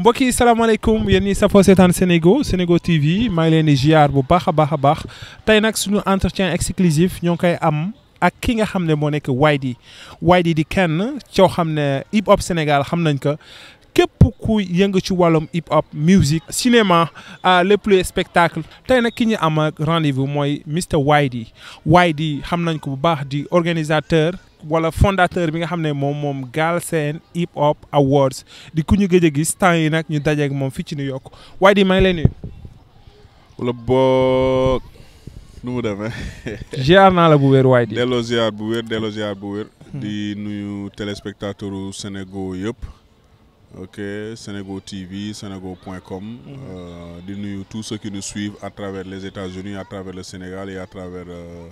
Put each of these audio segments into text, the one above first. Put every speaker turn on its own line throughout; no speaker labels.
mbokk yi salaamaaleykum yéen ñi safoo seetaan Sénégo Sénégo TV maa ngi leen di ziar bu baax a baax a baax tey nag suñu entretien exclusif ñoo ngi koy am ak ki nga xam ne moo nekk di waay Waydi di kenn coo xam ne hip hop Sénégal xam nañ ko képp ku yëngu ci wàllum hip hop musique cinéma ah, lépp luy spectacle tey nag ki ñu am ak rendez-vous mooy Mr Wydee Wydee xam nañ ko bu baax di organisateur walla fondateur bi nga xam ne moom moom seen Hip Hop Awards di ku ñu gëj a gis temps yi nag ñu dajeek moom fii ci New York Wydee maa ngi lay nuyu.
wala nu mu demee.
ziar naa la bu wér Wydee.
delloo ziar bu wér delloo bu wér. Hmm. di nuyu téléspectateur Sénégal yëpp. ok Senego TV senego.com. Mm -hmm. euh, di nuyu tous ceux qui nous suivent à travers les États-Unis à travers le Sénégal et à travers euh,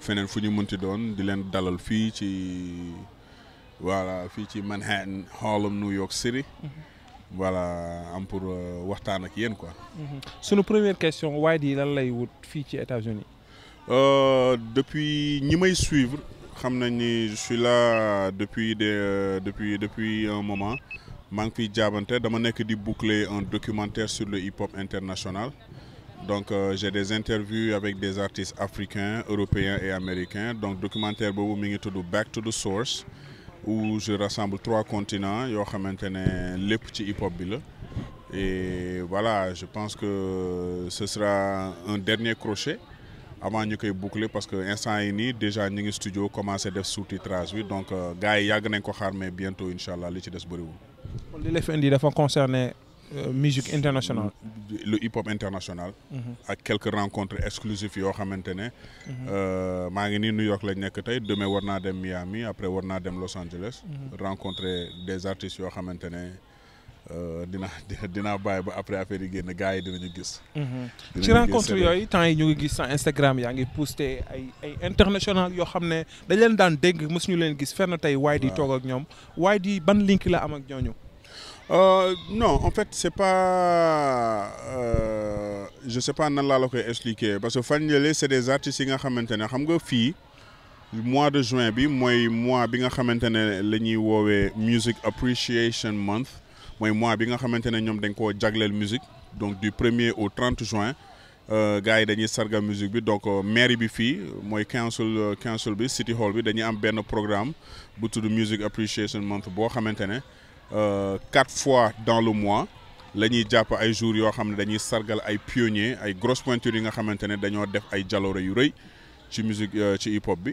feneen fu ñu mënti doon di leen dalal fii ci voilà fii ci Manhattan Harlem New York City. Mm waxtaan ak yéen quoi.
Mm-hmm.
sunu question waaye di lan lay wut fii ci États-Unis
euh, depuis ñi may suivre xam na ni je la là depuis de depuis depuis moment. maa ngi fiy jaabante dama nekk di boucler un documentaire sur le hip-hop international donc euh, des interviews avec des artistes africains européens et américains donc documentaire boobu mi ngi tudd Back to the Source où je rassemble trois continents yoo xamante ne lépp ci hip-hop bi la et wala je pense que ce sera un dernier crochet avant ñu koy boucler parce que instant yi nii déjà ñu ngi studio commencé def sous-titrage bi donc euh, gars yi yàgg nañ ko xaar mais bientôt incha allah li ci des bëriwul.
kon li la fi indi dafa concerné euh, musique internationale.
le hip hop international. Mhm. ak quelques rencontre exclusives yoo xamante ne. Mhm. Euh, maa ngi nii New York lañ nekk tey demain war naa dem Miami après war naa dem Los Angeles. Mhm. rencontrer des artistes yoo xamante ne euh, dina dinaa bàyyi ba après affaire yi génn gars yi dinañu gis.
ci rencontre yooyu
temps yi ñu ngi gis sa Instagram yaa ngi posté ay ay international yoo xam ne dañ leen daan dégg mësuñu leen gis fenn tey. waaye di toog ak ñoom waaye di ban link am
ak ñooñu. Euh, non en fait c'est pas euh, je sais pas nan laa la koy expliquer parce que fan yële c'est des artistes yi nga xamante ne xam nga fii mois de juin bi mooy mois bi nga xamante ne la ñuy woowee Music Appreciation Month mooy mois bi nga xamante ne ñoom dañ koo jagleel musique donc du premier au 30 juin euh, gars yi dañuy sargal musique bi donc euh, mairie bi fii mooy council euh, council bi city hall bi dañuy am benn programme bu tudd Music Appreciation Month boo xamante ne Euh, quatre fois dans le mois la ñuy jàpp ay jours yoo xam ne dañuy sargal ay pionniers ay grosses pointures yi nga xamante ne dañoo def ay jaloore yu rëy ci musique euh, ci hip hop bi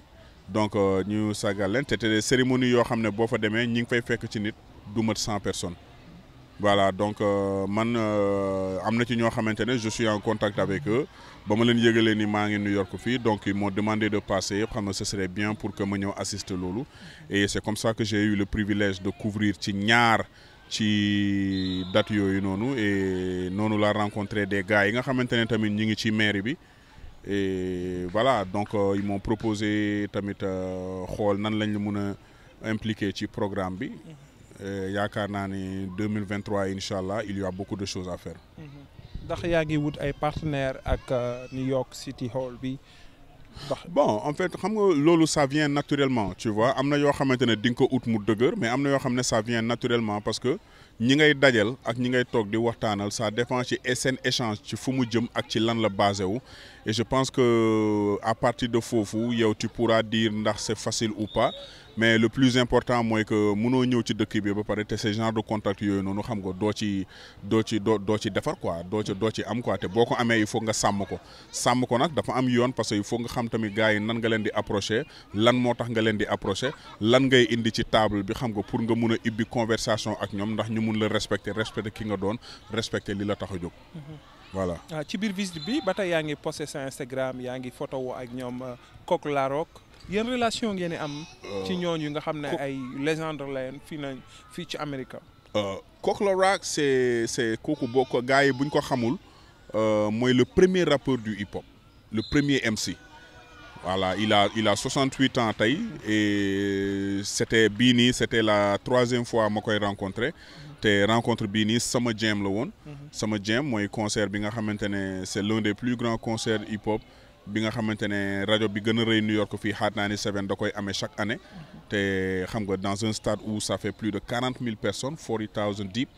donc euh, ñu sargal leen te te cérémonie yoo xam ne boo fa demee ñi ngi fay fekk ci nit du mat cent personnes. voilà donc man am na ci ñoo xamante ne je suis en contact avec eux ba ma leen yëgalee ni maa ngi New York fii donc ils moo demandé de passer yëpp xam na ce serait bien pour que ma ñëw assister loolu et c'est comme ça que j'ai eu le privilège de couvrir ci ñaar ci date yooyu noonu et noonu la rencontré des gars yi nga xamante ne tamit ñi ngi ci mairie bi et voilà donc euh, ils m'ont proposé tamit euh, xool nan lañ la mun a impliqué ci programme bi yaakaar naa ni 2023 incha allah il y a beaucoup de choses à faire. Mm-hmm.
ndax yaa ngi wut ay partenaires ak euh, New York City Hall bi ndax.
bon en fait xam nga loolu sa vient naturellement tu vois am na yoo xamante ne di nga ko ut mu dëgër mais am na yoo xam ne sa vient naturellement parce que ñi ngay dajal ak ñi ngay toog di waxtaanal ça dépend ci seen échange ci fu mu jëm ak ci lan la basé wu. et je pense que à partir de foofu yow tu pourras dire ndax c'est facile ou pas. mais le plus important mooy que mënoo ñëw ci dëkk bi ba pare te ce genre de contact yooyu noonu xam nga doo ci doo ci doo doo ci defar quoi doo ci doo ci am quoi te boo ko amee il faut sàmm ko sàmm ko nag dafa am yoon parce que il nga xam tamit gaa yi nan nga leen di approché lan moo tax nga leen di approché lan ngay indi ci table bi xam nga pour nga mun a ibbi conversation ak ñoom ndax ñu mun la respecté respecté ki nga doon respecté li la tax a jóg. Mm-hmm. voilà
ah, ci biir visite bi ba tey yaa ngi posté sa Instagram yaa ngi photo woo ak ñoom euh, Coq Larocque yéen relation ngeen am. Oh. ci ñooñu nga xam ne ay légende lañ fii nañ fii ci
américa Cochla Rock c' est kooku boo ko gars yi bu ñu ko xamul euh, mooy le premier rapport du hip hop le premier MC. voilà il a il a 68 ans tey et c' était bii nii c' était la troisième fois ma koy rencontre te rencontre bii nii sama jam la woon. Mhm. sama jam mooy concert bi nga xamante ne c' est l' des plus grands concerts hip hop. bi nga xamante ne rajo bi gën a rëy New York fii xaat naa ni Seven da koy amee chaque année te xam nga dans un stade où ça fait plus de quarante mille personnes forty thousand deep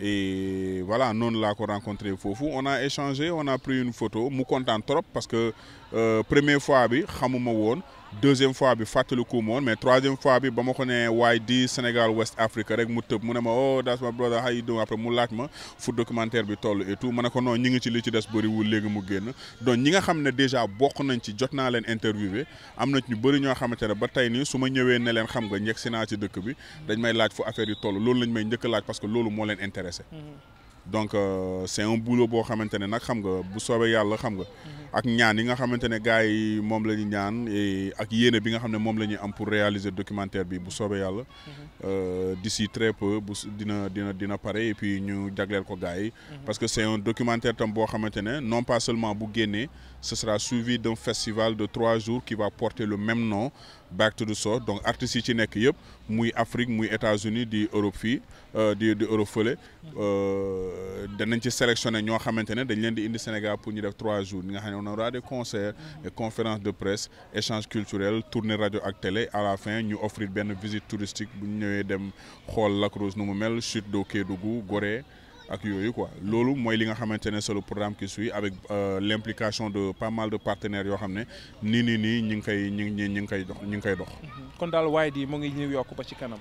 et voilà noonu laa ko rencontré foofu on a échangé on a pris une photo mu kontaan trop parce que euh, première fois bi xamuma woon deuxième fois bi fàttaliku ma woon mais troisième fois bi ba ma ko nee waaye di Sénégal West Africa rek mu tëb mu ne ma oh that's my brother how you mu laaj ma fu documentaire bi toll et tout a ne ko non ñi ngi ci li ci des bëriwul léegi mu génn donc ñi nga xam ne déjà bokk nañ ci jot naa leen interviewé am na ñu bari ñoo xamante ne ba tey nii su ma ñëwee ne leen xam nga ñegg si naa ci dëkk bi dañ may laaj fu affaire yi toll loolu lañ may njëkk laaj parce que loolu moo leen intéressé mm-hmm. donc euh, c' est un boulot boo xamante ne nag xam nga bu soobee yàlla xam nga. Mhm. ak ñaan yi nga xamante ne gars yi moom la ñaan ñaan ak yéene bi nga xam ne moom la ñuy am pour réaliser documentaire bi bu soobee yàlla. Mhm. Euh, d'ici très peu bu dina dina dina pare et puis ñu jagleel ko gars yi. Mhm. parce que c' un documentaire tam boo xamante ne non pas seulement bu génnee ce sera suivi d'un festival de trois jours qui va porter le même nom. back to the source donc artistes yi ci nekk yëpp muy Afrique muy États-Unis di Europe fii euh, di di Europe fële euh, danañ ci sélectionné ñoo xamante ne dañ leen di indi Sénégal pour ñu def trois jours ñi nga xam ne on aura des concerts mm. des de presse échange culturel tournée radio ak télé à la fin ñu offrir benn visite touristique bu ñu ñëwee dem xool Lac Rose mu mel chute d'eau Kédougou Gorée ak yooyu quoi loolu mooy li nga xamante ne solo le programme qui suit avec euh, l'implication de pas mal de partenaires yoo xam ne nii nii nii ñi ngi koy ñi ñi ñi ngi koy dox ñi ngi koy dox. Mhm.
kon daal waaye di mu ngi ñëw yokk ba ci kanam.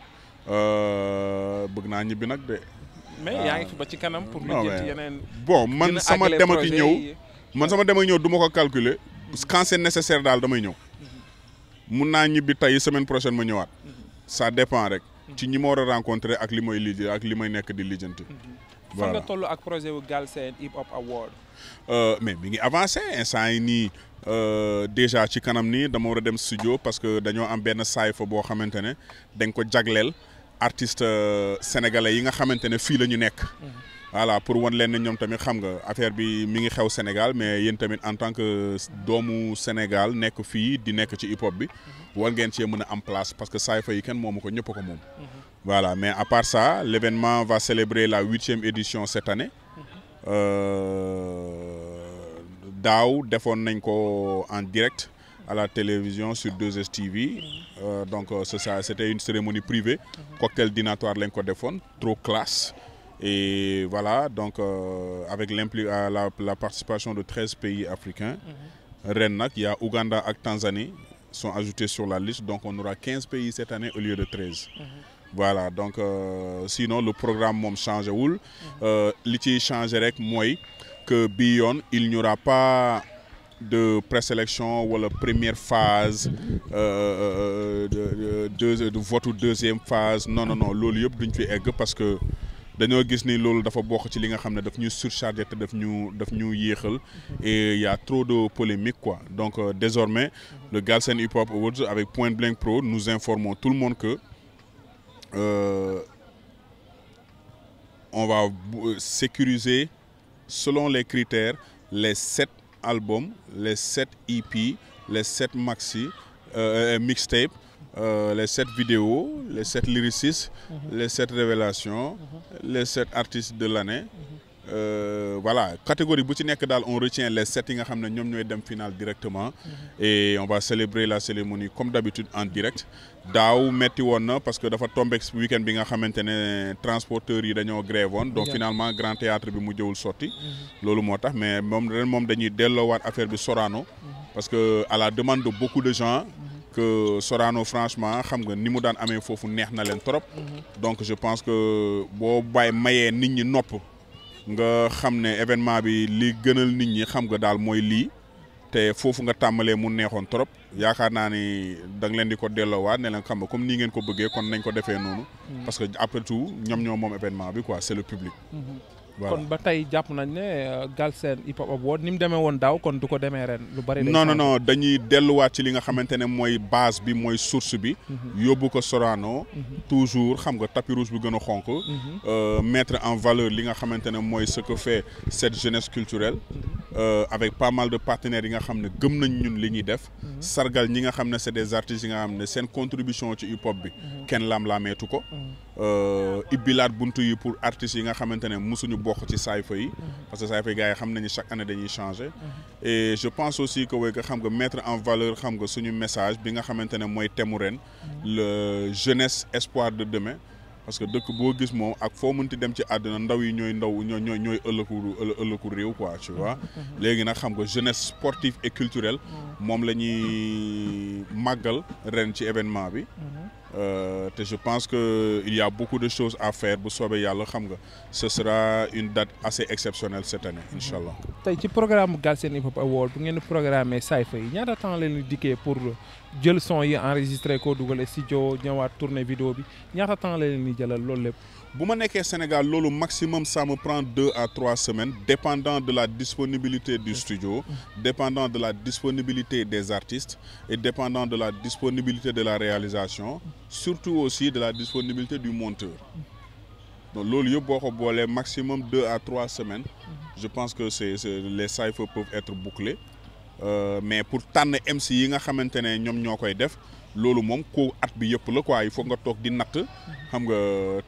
Euh, bëgg naa ñibbi nag
mais ah. yaa ci kanam. pour ñu yeneen bon man sama dem ak ñëw
man sama dem ak ñëw duma ko calculer. quand c'est nécessaire daal damay ñëw. Mhm. mun naa ñibbi tey semaine prochaine ma ñëwaat. Mhm. ça dépend rek. ci ñi ma war a rencontrer ak li may ak li may nekk di lijjanti. fan nga
toll ak projet wu Galsen hip hop award.
Euh, mais mi ngi avancé instant yi nii euh, déjà ci kanam nii dama war a dem studio parce que dañoo am benn saay fa boo xamante ne dañ ko jagleel artist euh, sénégalais yi nga xamante ne fii la ñu nekk. Mhm. voilà pour wan leen ne ñoom tamit xam nga affaire bi mi ngi xew Sénégal mais yéen tamit en tant que doomu Sénégal nekk fii di nekk ci hip hop bi. Mhm. war ngeen cee mën a am place parce que saay fa yi kenn moom ko ñëpp ko moom. Mhm. Voilà, mais à part ça, l'événement va célébrer la huitième édition cette année. Euh, Dao, Defonenko en direct à la télévision sur 2STV. Euh, donc, euh, c'était une cérémonie privée, cocktail dinatoire Lenko Defon, trop classe. Et voilà, donc euh, avec euh, la, la, participation de 13 pays africains, Rennes, il y a Ouganda ak Tanzanie sont ajoutés sur la liste. Donc, on aura 15 pays cette année au lieu de 13. voilà donc euh, sinon le programme moom changé wul euh, li ci changé rek mooy que bii yoon il n'y aura pas de présélection wala première phase euh, de de de vote deuxième phase non non non loolu yëpp duñ fi egg parce que dañoo gis ni loolu dafa bokk ci li nga xam ne daf ñu surchargé te daf ñu daf ñu yéexal et il trop de polémique quoi donc désormais le Galsen Hip Hop Awards avec Point Blank Pro nous informons tout le monde que euh, on va euh, sécuriser selon les critères les sept albums les sept EP les sept maxi euh, euh mixtape euh, les sept vidéos les sept lyricistes mm les sept révélations mm les sept artistes de l'année mm Euh, voilà catégorie bu ci nekk daal on retient les sept yi nga xam ne ñoom ñooy dem finale directement. Mm-hmm. et on va célébrer la cérémonie comme d'habitude en direct. daaw metti woon na parce que dafa tombé week-end bi nga xamante ne transporteurs yi dañoo grève woon donc finalement grand théâtre bi mu jëwul sotti. Mm-hmm. loolu moo tax mais moom ren moom dañuy delloowaat affaire bi Sorano. Mm-hmm. parce que à la demande de beaucoup de gens. que Sorano franchement xam nga ni mu daan amee foofu neex na leen trop. donc je pense que boo bàyyi mayee nit ñi nopp. nga xam ne événement bi li gënal nit ñi xam nga daal mooy lii te foofu nga tàmbalee mu neexoon trop yaakaar naa ni da nga leen di ko delloowaat ne leen xam nga comme nii ngeen ko bëggee kon nañ ko defee noonu. Mm-hmm. parce que après tout ñoom ñoo moom événement bi quoi c'est le public. Mm-hmm. kon
ba tey jàpp nañ ne euh, Galsen Hip Hop Award ni mu demee woon daaw kon du ko demee ren lu bari non non non
dañuy delluwaat ci li nga xamante ne mooy base bi mooy source bi mhm. yóbbu ko Sorano mhm. toujours xam nga tapis rouge bi gën a xonk mhm. euh, mettre en valeur li nga xamante ne mooy ce que fait cette jeunesse culturelle euh, avec pas mal de partenaires yi nga xam ne gëm nañ ñun li ñuy def sargal ñi nga xam ne c'est des artistes yi nga xam ne seen contribution ci hip hop bi kenn lam-laameetu ko ibbilaat buntu yi pour artistes yi nga xamante ne musuñu bokk ci saay fa yi mhm. parce que saay fa yi gars yi xam nañu chaque année dañuy changer mhm. et je pense aussi que wooy nga xam nga mettre en valeur xam nga suñu message bi nga xamante ne mooy temu ren mhm. le jeunesse espoir de demain parce que dëkk boo gis moom ak foo mënti dem ci àdduna ndaw yi ñooy ndaw ñooy ñooy ñooy ëllëgu ëllëgu réew quoi tu vois. léegi nag xam nga jeunesse sportive et culturelle. moom la ñuy màggal ren ci événement bi. Euh, te je pense que il y a beaucoup de choses à faire bu soobee yàlla xam nga ce sera une date assez exceptionnelle cette année incha allah.
tey ci programme mu Galsen Hip Hop bu ngeen programmé Saayfa yi ñaata temps leen dikkee pour jël son yi enregistré ko si studio ñëwaat tourné vidéo bi ñaata temps leen ni jëlal loolu lépp.
bu ma nekkee Sénégal loolu maximum ça me prend deux à trois semaines dépendant de la disponibilité du studio dépendant de la disponibilité des artistes et dépendant de la disponibilité de la réalisation surtout aussi de la disponibilité du monteur donc loolu yëpp boo ko boolee maximum deux à trois semaines je pense que c'est les cyphers peuvent être bouclés euh, mais pour tànn MC yi nga xamante ne ñoom ñoo koy def loolu moom ko at bi yëpp la ko il foog nga toog di natt xam nga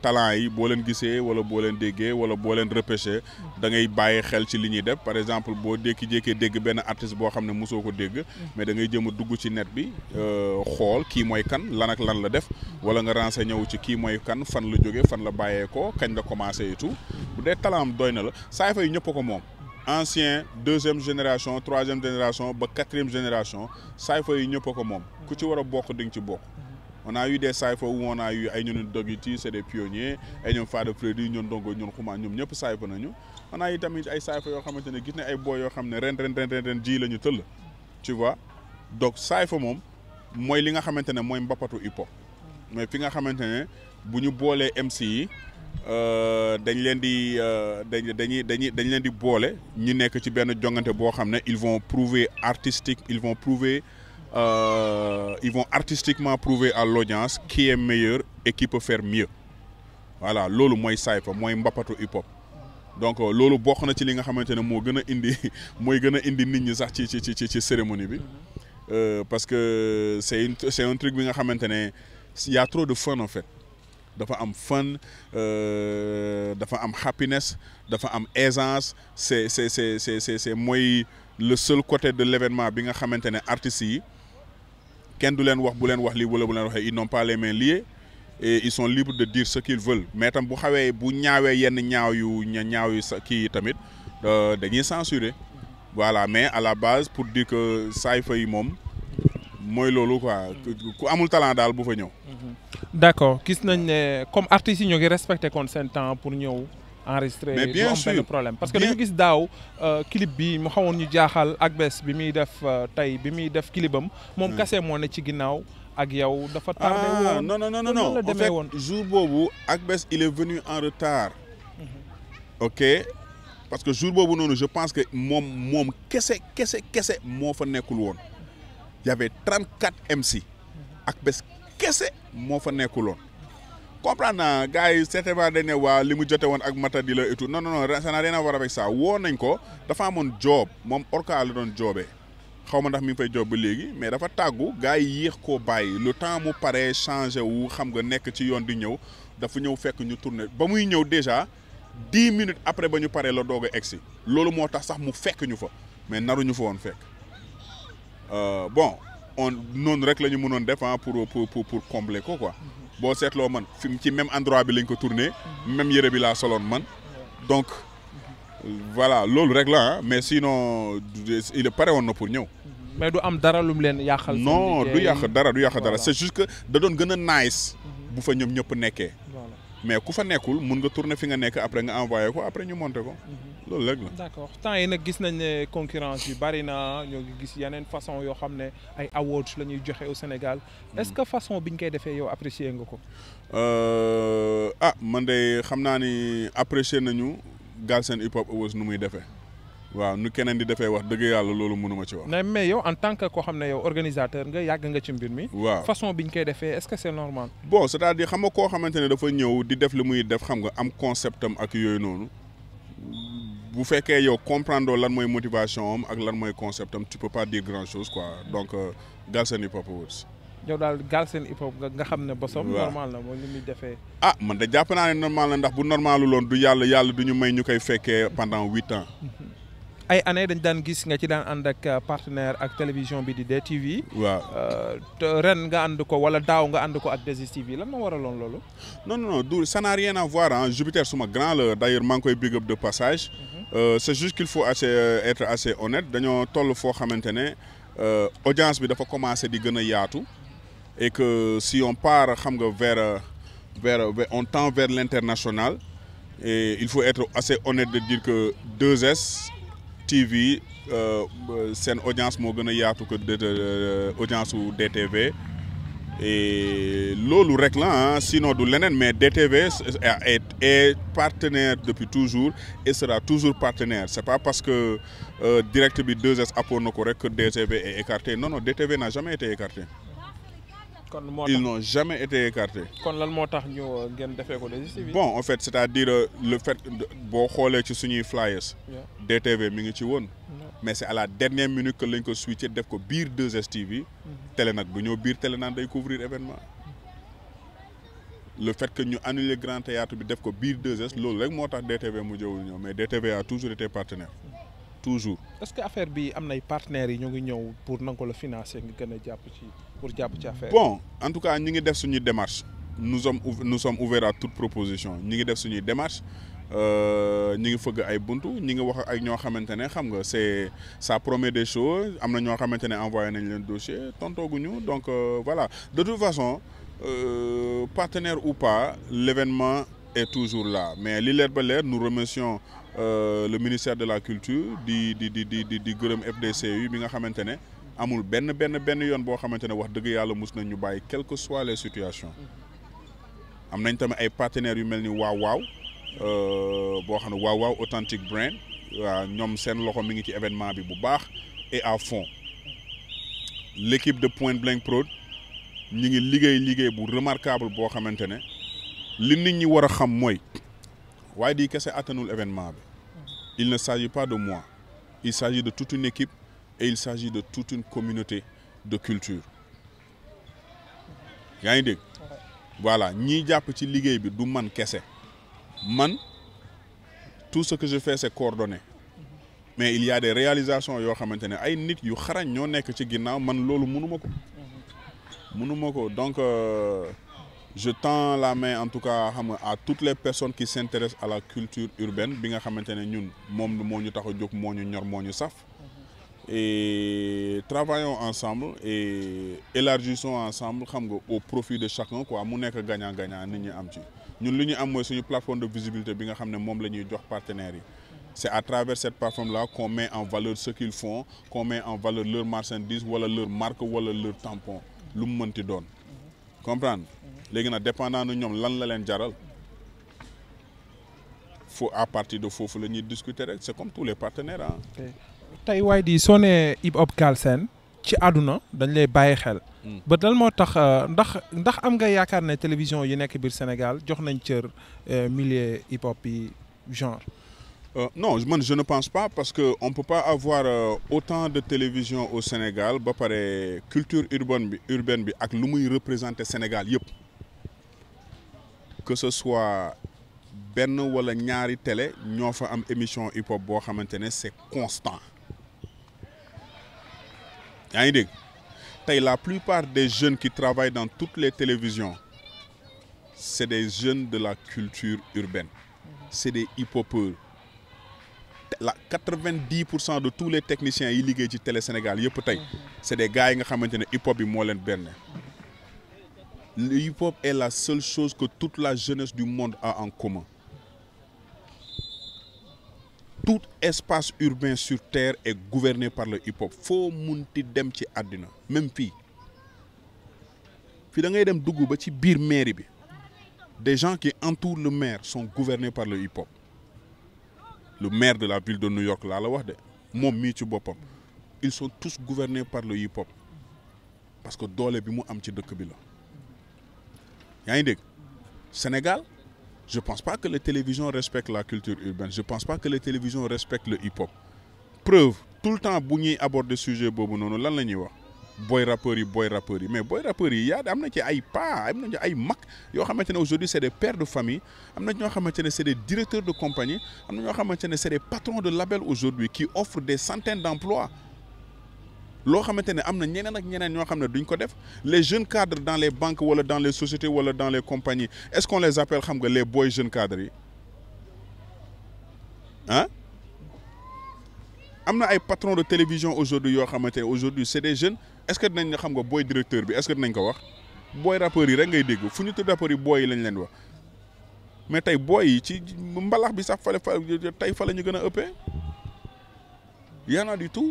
talent yi boo leen gisee wala boo leen déggee wala boo leen repêché da ngay bàyyi xel ci li ñuy def par exemple boo dékki-jékkee dégg benn artiste boo xam ne mosoo ko dégg mais da ngay jëm a dugg ci net bi euh, xool kii mooy kan lan ak lan la def wala nga renseigné wu ci kii mooy kan fan la jóge fan la bàyyee ko kañ la commencé et tout bu dee talent am doy na la saay yi ñëpp ko moom ancien deuxième génération troisième génération ba quatrième génération saayfa yi ñëpp ko moom ku ci war a bokk di nga ci bokk on a eu des saayfa où on a eu ay ñun Dogiti c'est des pionniers ay ñoom Fada Freddy ñoom Dongo ñoom Xumaa ñoom ñëpp saayfa nañu on a eu tamit ay saayfa yoo xamante ne gis na ay boy yoo xam ne ren ren ren ren ji la ñu tëll tu vois saay saayfa moom mooy li nga xamante ne mooy mbapatu ipo hop mais fi nga xamante ne bu ñu boolee MC yi Euh, dañ leen di euh, dañ dañuy dañuy dañ leen di boole ñu nekk ci benn jongante boo xam ne ils von prouver artistique ils von prouver euh, ils vont artistiquement prouver à l'audience qui est meilleur et qui peut voilà loolu mooy sayfa mooy mbappatu hip hop donc loolu bokk na ci li nga xamante ne moo gën a indi mooy gën a indi nit ñi sax ci ci ci ci cérémonie bi parce que c'est une c'est bi nga xamante ne y trop de fun en fait dafa am fun euh, dafa am happiness dafa am aisance c'est c'est c'est c'est mooy le seul côté de l'événement bi nga xamante ne artistes yi kenn du leen wax bu leen wax lii wala bu leen waxee ils n'ont pas les mains liées de dire ce qu'ils veulent mais tam bu xawee bu ñaawee yenn ñaaw yu ñaaw yu sa kii tamit euh, dañuy censurer voilà mais à la base pour dire que saay fa yi moom mooy loolu quoi ku amul talent daal bu fa ñëw.
d'accord gis nañ ne comme artistes yi ñoo ngi respecté kon seen temps pour ñëw. enregistré mais bien sûr problème parce que dañu gis daaw euh, clip bi mu xawoon ñu jaaxal ak bés bi muy def euh, tey bi muy def clipam moom hmm. kase moo ne ci ginnaaw ak yow dafa ah, tardé woon non non non non
boobu ak bés il est venu en retard mm-hmm. ok parce que jour boobu noonu je pense que moom moom kese kese kese moo fa nekkul woon y avait 34 MC ak bés kese moo fa nekkuloon comprendre naa gars yi certainement dañ ne waa li mu jote woon ak Matadi la et tout non non non ça n'a war à voir avec ça woo nañ ko dafa amoon joob moom orca la doon joobee xaw ma ndax mi ngi fay joob ba léegi mais dafa tàggu gars yi yéex koo bàyyi lu temps mu paree changé wu xam nga nekk ci yoon di ñëw dafa ñëw fekk ñu tourné ba muy ñëw déjà dix minutes après ba ñu paree la doog a si loolu moo tax sax mu fekk ñu fa mais naruñu fa woon fekk. Euh, bon on noonu rek la ñu mënoon def pour pour pour combler ko quoi boo seetloo man fi ci même endroit bi lañ ko tourné même yëre bi laa soloon man donc voilà loolu rek la mais sinon il est pare woon na pour ñëw.
mais du am dara lu mu leen yàqal. non du yàq dara du
yàqu dara c'est juste que da doon gën a nice bu fa ñoom ñëpp nekkee. mais ku fa nekkul mun nga tourner fi nga nekk après nga envoyé ko après ñu monter ko. Mhm. loolu rek la.
temps yi nag gis nañ ne concurrence yi bari na ñoo ngi gis yeneen façon yoo xam ne ay awards la ñuy joxe au Sénégal. Mhm. est-ce que façon bi ñu koy defee yow apprécier nga ko.
Euh, ah man de xam naa ni apprécier nañu Galsen Hip Hop Awards nu muy defee. waaw nu keneen di defee wax dëgg yàlla loolu mënuma ci wax.
mais yow en tant que ko xam ne yow organisateur nga yàgg nga ci mbir mi. waaw façon bi ñu koy defee est-ce que c'est normal.
bon c'est-à-dire xam nga koo xamante ne dafa ñëw di def li muy def xam nga am concept am ak yooyu noonu bu fekkee yow comprendre lan mooy motivation am ak lan mooy concept am tu peux pas dire grand chose quoi donc euh, Galsen Hip Hop Awards.
yow daal Galsen Hip Hop nga xam ne bosom. normal na moom li muy defee.
ah man de jàpp naa ne normal na ndax bu normalu loon du yàlla yàlla du ñu may ñu koy fekkee pendant huit ans. Mhm. ay
années dañ daan gis nga ci daan ànd ak euh, partenaire ak télévision bi di DTV.
waaw euh,
ren nga ànd ko wala daaw nga ànd ko ak 2STV lan moo waraloon loolu.
non non non du rien à voir ah Jupiter suma grand la euh, d' ailleurs ngi koy big up de passage. Mhm. c' est juste qu'il faut assez être assez honnête dañoo toll foo xamante ne audience bi dafa commencé di gën a yaatu. et que si on part xam nga vers on temps vers l' e il faut être assez honnête de dire que 2S. TV euh, seen audience moo gën a yaatu que euh, audience su DTV et loolu rek la ah sinon du leneen mais DTV est est partenaire depuis toujours et sera toujours partenaire c'est pas parce que euh, direct bi 2S apporte na ko rek que DTV est écarté non non DTV n'a jamais été écarté. kon moo tax ils n'ont jamais été écartés.
kon lan moo tax ñu euh, ngeen defee ko registre bi. bon en
fait c'est-à-dire euh, le fait boo xoolee ci suñuy flyers. DTV mi ngi ci woon. mais c'est à la dernière minute que lañ ko switché def ko biir 2STV. Mm-hmm. tele nag bu ñëw biir télé naan day couvrir événement. le fait que ñu annulé grand théâtre bi def ko biir 2S loolu rek moo tax DTV mu jëwul ñëw mais DTV a toujours été partenaire. toujours.
est-ce que affaire bi am nay partenaires yi ñoo ngi ñëw pour nangu la financer nga gën a jàpp ci. pour jàpp ci bon
en tout cas ñi ngi def suñuy démarche nous sommes nous sommes ouverts à toute proposition ñi ngi def suñuy démarche euh, ñi ngi fëgg ay buntu ñi ngi wax ak ñoo xamante ne xam nga c'est ça promet des choses am na ñoo xamante ne envoyé nañ leen dossier tontooguñu donc euh, voilà de toute façon euh, partenaire ou pas l'événement est toujours là mais li leer ba leer nous remercions le ministère de la culture di di di di di di gërëm FDCU bi nga xamante ne amul benn benn benn yoon boo xamante ne wax dëgg yàlla mus nañ ñu bàyyi quelles que soient les situations mm-hmm. am nañ tamit ay partenaires yu mel ni waaw waaw euh, boo xam ne waaw waaw authentique brand waaw ñoom seen loxo mi ngi ci événement bi bu baax et à fond l'équipe de Point Blank Prod ñu ngi liggéey liggéey bu remarquable boo xamante ne li nit ñi war a xam mooy waaye di kese attanul événement bi mm-hmm. il ne s'agit pas de mois il s'agit de tout une équipe et il s'agit de tout une communauté de culture yaa ngi dégg voilà ñiy jàpp ci liggéey bi du man kese man tout ce que je fais c'est coordonné mais il ya de réalisation yoo xamante ne ay nit yu xarañ ñoo nekk ci ginnaaw man loolu mënuma ko mënuma ko donc euh, je tends la mais en tout cas xam nga à toutes les personnes qui s'intéressent à la culture urbaine bi nga xamante ne ñun moom moo ñu tax a jóg moo ñu ñor moo ñu saf et travaillons ensemble et élargissons ensemble xam nga au profit de chacun quoi mu nekk gagnant gagnant nit ñi am ci ñun li ñu am mooy suñu plateforme de visibilité bi nga xam ne moom lañuy jox partenaires yi c'est à travers cette plateforme là qu'on met en valeur ce qu'ils font qu'on met en valeur leur marchandise wala leur marque wala leur tampon lu mu mënti doon comprendre léegi nag dépendant na ñoom lan la leen jaral faut à de foofu la ñuy discuter rek c'est comme tous
tey waaye di soo nee hip hop Galsen ci àdduna dañ lay bàyyi xel. Hmm. ba dal moo tax euh, ndax ndax am nga yaakaar ne télévision yi nekk biir Sénégal jox nañ cër euh, milieu hip hop yi genre.
Euh, non man je ne pense pas parce que on peut pas avoir euh, de télévision au Sénégal ba pare culture urbaine bi urbaine bi ak lu muy représenter Sénégal yëpp que ce soit benn wala ñaari télé ñoo fa am émission hip hop boo xamante ne c'est constant. yaa ngi dégg tey la plupart des jeunes qui travaillent dans toutes les télévisions c'est des jeunes de la culture urbaine c'est des hip-hopeurs la quatre-vingt-dix pour cent de tous les techniciens yi liggéey ci télé Sénégal yëpp tey c'est des gars yi nga xamante ne hip-hop bi moo leen benn le hip-hop est la seule chose que toute la jeunesse du monde a en commun tout espace urbain sur terre et gouverné par le hip hop foo munti dem ci àddina même fii fii da ngay dem dugg ba ci biir mairie bi des gens qui entourent le maire son gouvernés par le hip hop le maire de la ville de New York laa la wax de moom mii ci boppam ils sont tous gouvernés par le hip parce que doole bi mu am ci dëkk bi la yaa ngi dégg Sénégal. Je ne pense pas que les télévisions respectent la culture urbaine. Je pense pas que les télévisions respectent le hip-hop. Preuve, tout le temps, si on aborde le sujet, bobu lan la ñuy boy rappeurs yi boy rappeurs yi mais boy rappeurs yi yaa am na ci ay pas am na ci ay mag yoo xamante ne aujourd'hui c'est des pères de famille am na ñoo xamante ne c'est des directeurs de compagnie am na ñoo xamante ne c'est des patrons de label aujourd'hui qui offrent des centaines loo xamante ni am na ñeneen ak ñeneen ñoo xam ne duñ ko def les jeune cadres dans les banques wala dans les sociétés wala dans les compagnies est-ce les appelle xam nga les boys jeunes cadres yi am na ay patrons de télévision aujourd'hui yoo xamante ne aujourd'hui c'est des jeunes est-ce que dinañ xam nga booy directeur bi est-ce dinañ ko wax booy rappeurs yi rek ngay dégg fu ñu tudd rappeurs yi booy yi lañ leen wax mais tey booy yi ci mbalax bi sax fale fa tey fa la ñu gën a ëppee y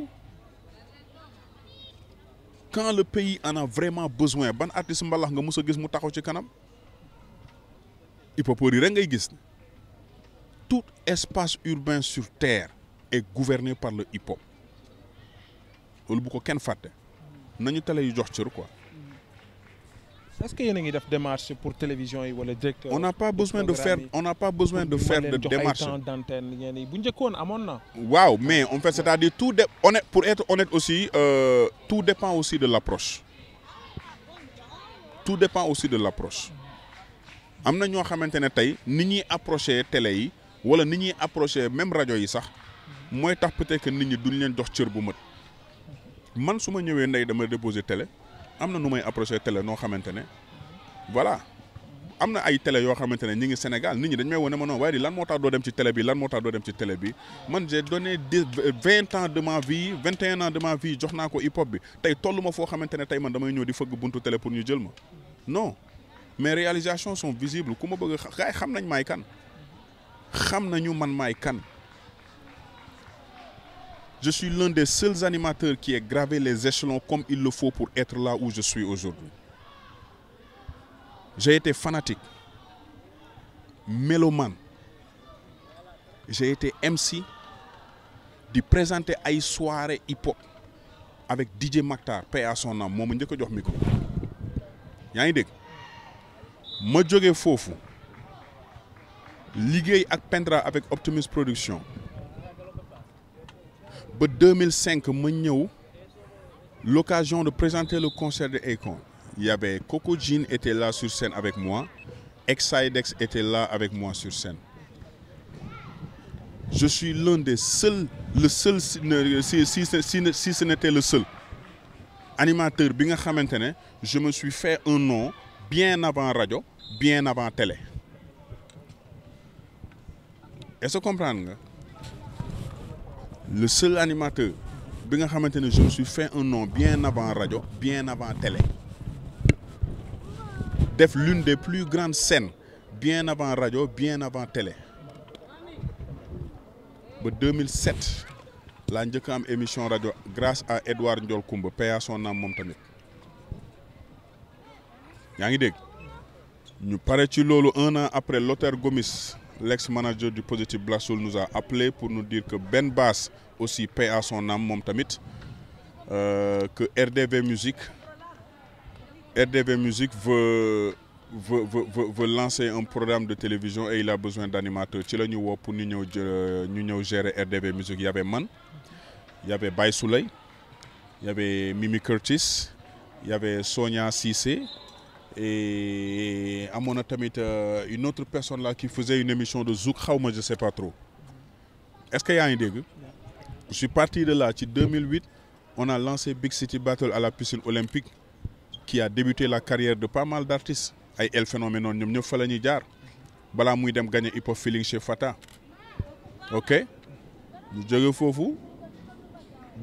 quand le pays en a vraiment besoin ban artiste mbalax nga mos a gis mu taxaw ci kanam hip yi rek ngay gis tout espace urbain sur terre et gouverné par le hip loolu bu ko kenn fàtte nañu télé yu jox cër quoi.
est-ce que yéen ngi def démarche pour télévision yi wala directeur. on n'a pas besoin de faire on n'a pas besoin de faire de démarche bu njëkkoon amoon na.
waaw mais en fait c'est-à-dire tout de honnête pour être honnête aussi euh, tout dépend aussi de l'approche tout dépend aussi de l'approche am na ñoo xamante ne tey ni ñuy approché télé yi wala ni ñuy approcher même rajo yi sax mooy tax peut-être que nit ñi duñ leen jox cër bu mat man su ma ñëwee ndey dama déposer télé. am na nu may approché tele noo xamante ne voilà am na ay télé yoo xamante ne ñi ngi Sénégal nit ñi dañ may wane ma noonu waaye di lan moo tax doo dem ci télé bi lan moo tax doo dem ci télé bi man j'ai donné di vingt ans de ma vie vingt et un ans de vie jox naa ko hip hop bi tey toll ma foo xamante ne tey man damay ñëw di fëgg buntu télé pour ñu jël ma non mais réalisation son visibles ku ma bëgg xay xam nañ maay kan xam nañu man maay kan. Je suis l'un des seuls animateurs qui ait gravé les échelons comme il le faut pour être là où je suis aujourd'hui. J'ai été fanatique, mélomane. J'ai été MC di présenter ay soirée hip avec DJ Mactar paix à son moo ma njëkk a jox micro yaa ngi dégg ma jógee foofu liggéey ak Pendra avec Optimus Production ba 2005 ma ñëw l'occasion de présenter le concert de Akon il y avait Coco Jean était là sur scène avec moi Exidex était là avec moi sur scène je suis l'un des le seul si si si si, si ce n'était le seul animateur bi nga xamante ne je me suis fait un nom bien avant rajo bien avant télé est-ce comprendre nga le seul animateur bi nga xamante ne je me suis fait un nom bien avant rajo bien avant télé def l'une des plus grandes scènes bien avant rajo bien avant télé ba 2007 laa njëkk am émission rajo grâce à Edouard Ndiol Koumba paya naam moom tamit yaa ngi dégg ñu pare ci loolu un an après Lothar Gomis l'ex-manager du positif Black Soul nous a appelé pour nous dire que Ben Bass aussi paie à son âme moom tamit euh, que RDV Musique RDV Musique veut lancer un programme de télévision et il a besoin d'animateurs ci la ñu woo pour ñu ñëw ñu ñëw gérer RDV Musique y avait man y avait Baye Souley Mimi Curtis y avait Sonia amoon na tamit euh, une autre personne là qui faisait une émission de zouk xaw ma je sais pas est-ce que yaa ngi dégg. je suis parti de là ci 2008 on a lancé Big City Battle à la piscine olympique qui a débuté la carrière de pas mal d'artistes ay El Phénomène noonu ñoom ñëpp fa la ñuy jaar balaa muy dem gagner hip hop feeling chez Fata ok ñu jóge foofu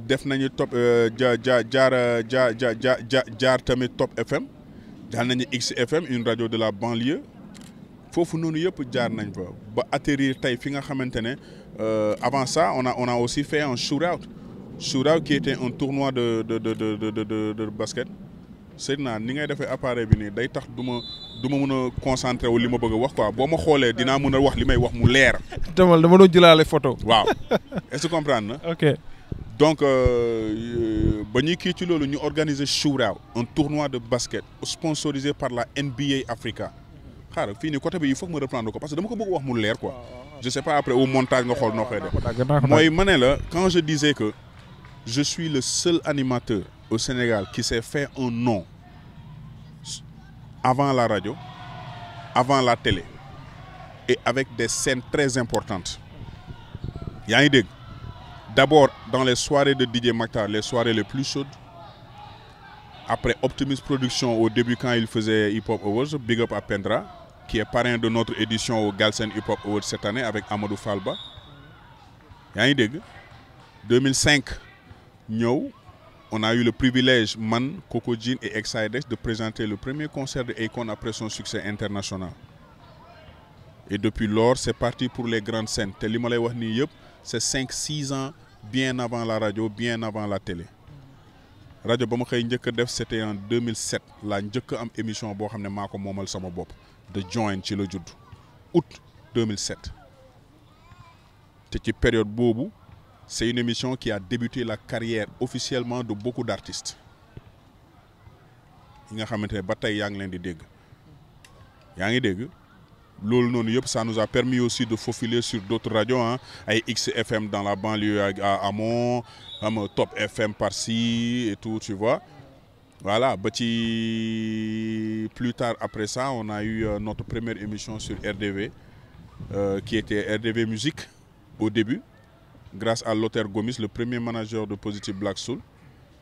def nañu top euh, jaar jaar euh, jaar jaar jaar tamit Top FM. daan nañu XFM une radio de la banlieue foofu noonu yëpp jaar nañ fa ba atterrir tey fi nga xamante ne euh, avant ça on a aussi fait un shootout shootout qui était un tournoi de de de de de de de basket sëñ naa ni ngay defee appareil bi nii day tax du ma du ma mën a concentré wu li ma bëgg a wax quoi boo ma xoolee dinaa mën a wax li may wax mu leer.
demal dama doon jëlaale photo.
waaw est-ce que comprendre na. donc euh, euh, ba ñuy kii ci loolu ñu organiser Shootout un tournoi de basket sponsorisé par la NBA Africa xaaral fii nii côté bi il faut ma reprendre ko parce que dama ko bëgg wax mu leer ko je sais pas après au montage nga xool noo koy def mooy ma ne la quand je disais que je suis le seul animateur au Sénégal qui s'est fait un nom avant la radio avant la télé et avec des scènes très importantes yaa ngi dégg D'abord, dans les soirées de DJ Maktar, les soirées les plus chaudes. Après Optimus Production, au début, quand il faisait Hip Hop Awards, Big Up à Pendra, qui est parrain de notre édition au Galsen Hip Hop Awards cette année avec Amadou Falba. yaa ngi dégg 2005 ñëw on a eu le privilège man Coco Jean et Exidex e de présenter le premier concert de Akon après son succès international et depuis lors c'est parti pour les grandes scènes te li ma lay wax nii yëpp c'est cinq six ans bien avant la radio bien avant la télé rajo ba ma xëy njëkk a def c'était en 2007 laa njëkk am émission boo xam ne maa ko moomal sama bopp The join ci la judd août 2007 te ci période boobu c'est une émission qui a débuté la carrière officiellement de beaucoup d'artistes yi nga xamante ne ba tey yaa ngi leen di dégg yaa ngi dégg loolu noonu yëpp ça nous a permis aussi de faufiler sur d'autres radios ah ay XFM dans la banlieue à Amon am Top FM par-ci et tout tu voilà ba ci plus tard après ça on a eu euh, notre première émission sur RDV euh, qui était RDV Musique au début grâce à Lothar Gomis le premier manager de Positive Black Soul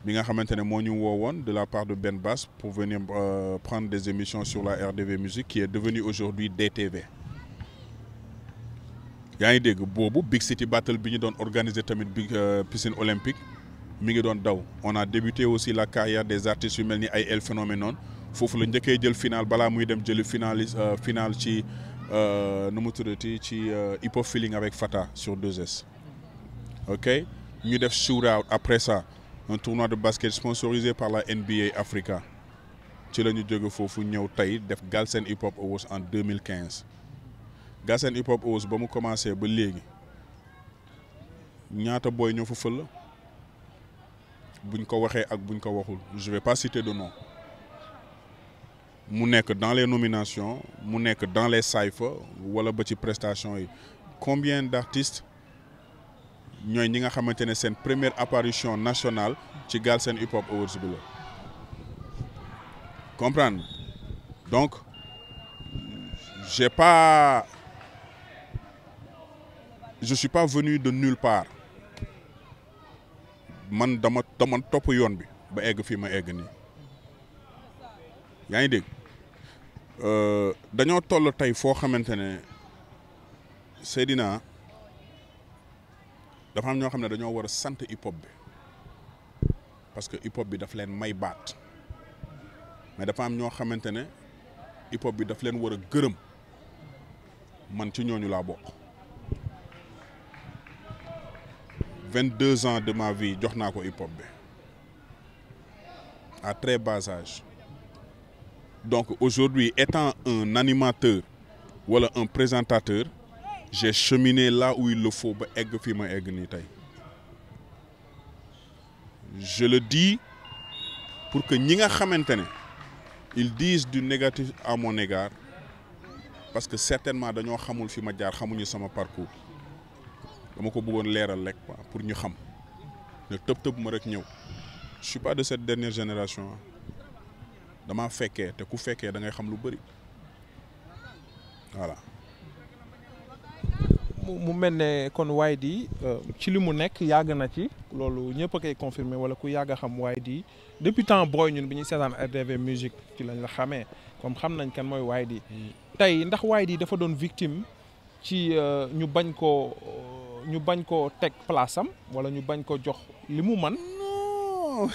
bi nga xamante ne moo ñu woowoon de la part de benn Bass pour venir euh, prendre des émissions sur la RDV Musique qui est devenue aujourd'hui DTV yaa ngi dégg boobu Big City Battle bi ñu doon organiser tamit bi euh, piscine olympique mu ngi doon daw on a débuté aussi la carrière des artistes yu mel ni ay El Phénomène foofu la njëkkee jël final balaa muy dem jëli finaliste euh, final ci euh, nu mu tuddati ci hip hop feeling avec Fata sur 2S ok ñu def shootout après un tournoi de basket sponsorisé par la NBA Africa ci la ñu jóge foofu ñëw tey def Galsen Hip Hop Awards en 2015 Galsen Hip Hop Awards ba mu commencé ba léegi ñaata booy ñoo fa fël buñ ko waxee ak buñ ko waxul je vais pas citer de nom mu nekk dans les nominations mu nekk dans les cypher wala ba ci prestation yi combien d' ñooy ñi nga xamante ne seen première apparition nationale ci seen Hip Hop Awards bi la comprendre donc j'ai pas je suis venu de nulle part man dama dama topp yoon bi ba egg fii ma egg nii yaa ngi dégg euh, dañoo toll tey foo xamante ne Seydina dafa am ñoo xam ne dañoo war a sant hip hop bi parce que hip hop bi dafa leen may baat mais dafa am ñoo xamante ne hip hop bi daf leen war a gërëm man ci ñooñu laa bokk. 22 ans de ma vie jox naa ko hip hop bi à très bas âge donc aujourd'hui étant un animateur wala un présentateur. j'ai cheminé là où il le ba egg fii ma egg nii tey je le dis pour que ñi nga xamante ne ils disent du négatif à mon parce que certainement dañoo xamul fi ma jaar xamuñu sama parcours dama ko bëggoon leeral rek pour ñu xam ne tëb tëb ma rek ñëw je suis pas de cette dernière génération dama fekkee te ku fekkee da ngay xam lu bëri voilà.
mu mel ne kon waay di euh, ci li mu nekk yàgg na ci loolu ñëpp a koy confirmer wala ku yàgg a xam waay di depuis temps booy ñun bi ñuy seetaan RTV musique ci lañ la xamee comme xam nañ kenn mooy waay di hmm. tey ndax waay di dafa doon victime ci euh, ñu bañ koo ñu bañ koo teg place am wala ñu bañ ko jox li mu man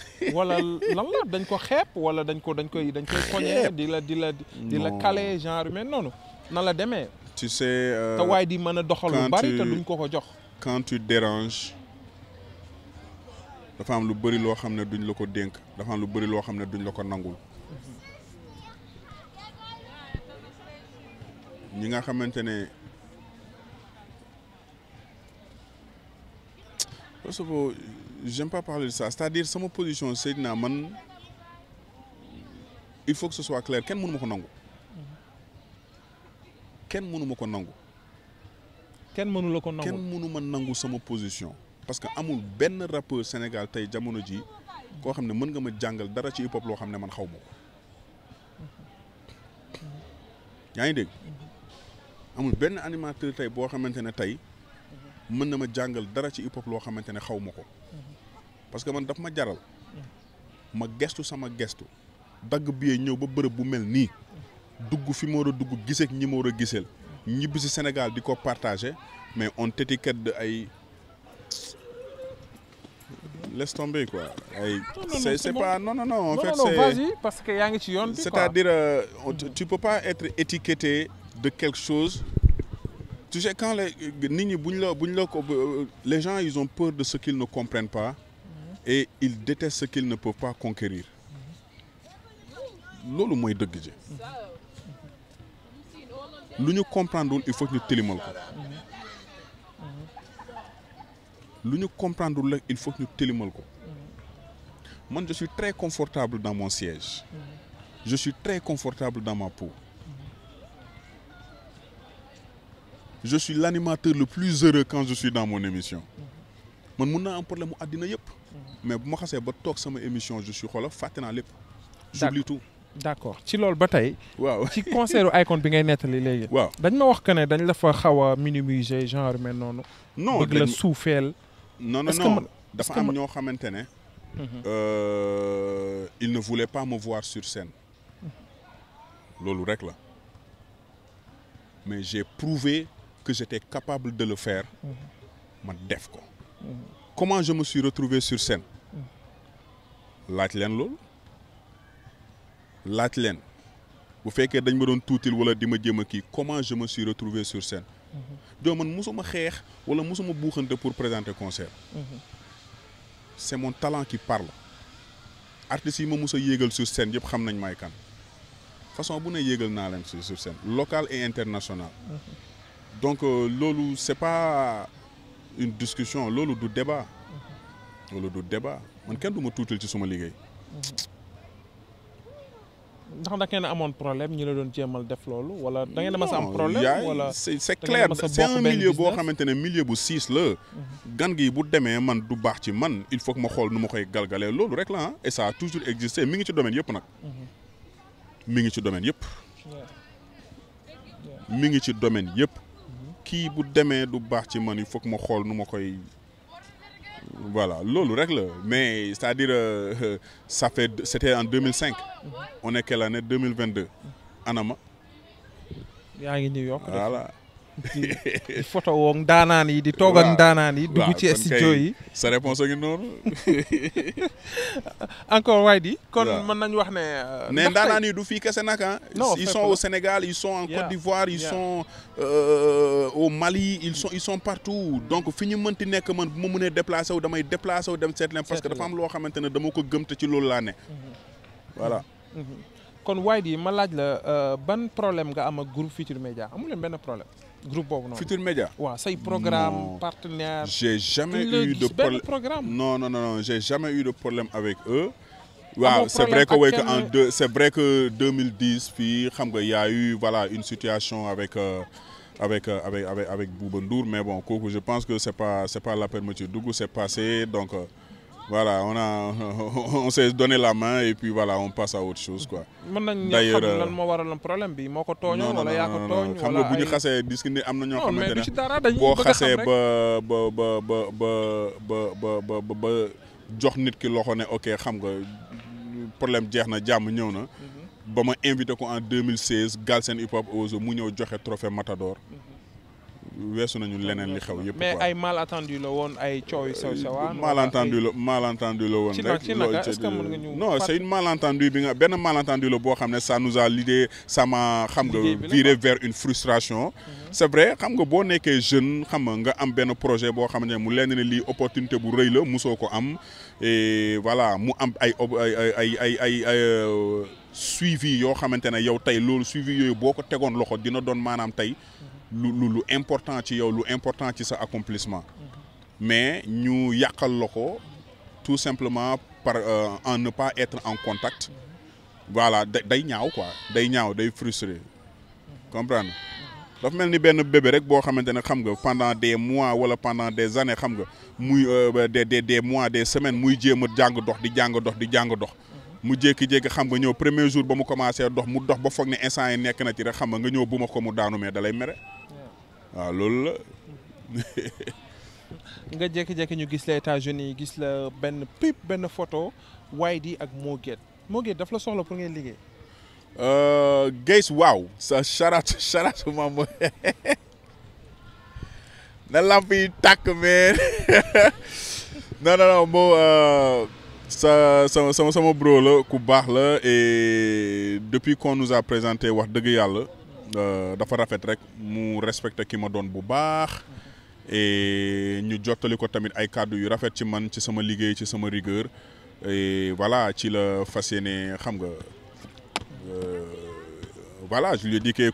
wala lan la dañ ko xeeb wala dañ ko dañ koy dañ koñee di la di la
di la kale
genre mais noonu nan la demee.
tu sais. Euh, te waay di mën a doxal lu bari te duñ ko ko jox. quand tu dafa am lu bëri loo xam ne duñ la ko dénk dafa am lu bëri loo xam ne duñ la ko nangul. ñi nga xamante ne parce que j'aime pas parler sama position Seydina man il faut que ce soit clair kenn mënu ma ko nangu. kenn mënu ma ko nangu. kenn mënula ko nangu kenn mënu ma nangu sama position. parce que amul benn rappeur Sénégal tey jamono ji koo xam ne mën nga ma jàngal dara ci hip loo xam ne man xaw ma ko. yaa ngi dégg amul benn animateur tey boo xamante ne tey mën na ma jàngal dara ci hip loo xamante ne xaw ma ko. parce que man daf ma jaral. ma gestu sama gestu. dagg bi ñëw ba bërëb bu mel nii. dugg fi mu war a dugg gisee ak ñi ma giseel ñibbi si Sénégal di ko partagé mais on t'étiquette de ay laisse tomber quoi ay. c'est c'est pas non non non. en fait c'est vas parce que yaa ngi ci yoon bi quoi c'est-à-dire euh, tu peux pas être étiqueté de quelque chose. tu sais quand les nit ñi bu ñu la bu ñu la ko les gens ils ont peur de ce qu'ils ne comprennent pas mm-hmm. et ils détestent ce qu'ils ne peuvent pas conquérir mm-hmm. loolu mooy dëgg ji mm-hmm. lu ñu comprendre il faut ñu tilimal ko lu ñu comprendre wul il faut ñu tilimal ko man je suis très confortable dans mon siège je suis très confortable dans ma peau je suis l'animateur le plus heureux quand je suis dans mon émission man mun naa am problème mu àddina yëpp mais bu ma xasee ba toog sama émission je suis xoolal fàtte naa lépp j'oublie d'accord ci
loolu ba tey. waaw ci concert Akon bi ngay nettali léegi. waaw dañ ma wax que ne dañ la fa xaw a minimiser genre mel noonu. non bëgg la suufeel.
non non non dafa am ñoo xamante ne. Mhm. Euh, il ne voulait pas me voir sur scène. loolu rek la mais j'ai prouvé que j'étais capable de le faire. Mhm. ma def ko. Mhm. comment je me suis retrouvé sur scène. laaj leen loolu. laaj leen bu fekkee dañ ma doon tuutil wala di ma jëm a kii comment je me suis retrouvé sur scène doo mhm. man mosuma xeex wala mosuma buuxante pour présenter concert mhm. c'est mon talent qui parle artistes yi ma mos a yéegal sur scène yëpp xam nañ maay kan façon bu ne yéegal naa leen sur sur scène locale et international
mhm.
donc euh, loolu c'est pas une discussion loolu du débat loolu du débat man kenn du ma tuutil ci suma liggéey
ndax da ngeen amoon problème ñu la doon jéemal def loolu wala da ngeen a mas am problème wala c'est clair c'est un
milieu boo xamante ne milieu bu siis la mhm. gan gi bu demee man du baax ci man il faut que ma xool nu ma koy galgalee loolu rek la ah et ça toujours existé mi ngi ci domaine yëpp nag
mhm.
mi ngi ci domaine yëpp mi ngi ci domaine yëpp mhm. kii bu demee du baax ci man il faut que ma xool nu ma koy voilà loolu rek la mais c'est-à-dire euh, ça fait c'était en 2005 on est quelle année 2022 anama
yaa ngi New York voilà di photo woon daanaan yi di toog ak daanaan yi dugg ci studio yi
sa réponse a ngi noonu encore waay di kon
mën nañu wax ne euh, mais daanaan yi du fii kese nag ah ils sont au Sénégal
ils sont en Côte d'Ivoire ils sont euh, au Mali ils sont partout donc fi ñu mënti nekk man bu ma mënee déplacé wu damay déplacé wu dem seet leen parce que dafa am loo xamante ne dama ko gëm ci loolu laa ne mhm. voilà
mhm.
Mhm. kon waaye di ma laaj la euh, ban problème nga am ak groupe Futurs Médias amu leen benn problème groupe boobu noonu Futur Média. waaw say programme partenaire.
j'ai jamais eu de problème non non non j'ai jamais eu de problème avec eux. waaw c'est vrai que way que deux c'est vrai que 2010 fii xam nga y a une situation avec euh, avec euh, avec avec avec Bouba Ndour mais bon kooku je pense que c'est pas c'est pas la permettre dugg c'est donc. Euh, voilà on a on s'est donné la main et puis voilà on passe à autre chose quoi. mën nañ euh,
moo waraloon problème bi moo ko tooñoo. wala yaa ko tooñ xam bu ñu
xasee discuter am na ñoo xamante ne boo xasee ba ba ba ba jox nit ki loxo ne ok xam nga problème jeex na jàmm ñëw na. Mhm. ba ma invité ko en 2016 Galsen Hip Hop Awards mu ñëw joxe trophée Matador. Mhm. weesu nañu leneen li xew yëpp.
mais ay malentendu la woon ay coow yu sew sewaan. malentendu la
malentendu la woon rek. ci naka est-ce bi nga benn malentendu la boo xam ne ça nous a l'idée sama xam nga viré vers une frustration. Mhm. c'est vrai xam nga boo nekkee jeune xam nga am benn projet boo xam ne mu leen ne lii opportunité bu rëy la musoo ko am et voilà mu am ay ay ay ay ay euh, suivi yoo xamante ne yow tey loolu suivi yooyu boo ko tegoon loxo dina doon maanaam tey. Mhm. lu lu important ci yow lu important ci sa accomplissement mais ñu yàqal la ko tout simplement par euh, en ne pas être en contact voilà day ñaaw quoi day ñaaw day frustré comprendre dafa mel ni benn bébé rek boo xamante ne xam nga pendant des mois wala pendant des années xam nga muy euh, des des des mois des semaines muy jéem a jàng dox di jàng dox di jàng dox mu jékki-jékki xam nga ñëw premier jour ba mu commencé dox mu dox ba foog ne instant yi nekk na ci rek xam nga nga ñëw bu ma ko mu daanu mais dalay mere waaw loolu la.
nga jékki-jékki ñu gis la États-Unis gis la benn pip benn photo Waydi ak Mo Gates Mo Gates daf la soxla pour ngeen liggéey.
Euh, Gates waaw sa charate charate ma mooy na lamp yi tàkk mais non non non moo euh, sa sama sama sama la ku baax la et depuis qu'on nous a présenté wax dëgg yàlla. Euh, dafa rafet rek mu respecté ki ma doon bu baax et ñu jottali ko tamit ay kàddu yu rafet ci man ci sama liggéey ci sama rigueur et voilà ci la fas yéene xam nga euh, voilà je lui ai dit que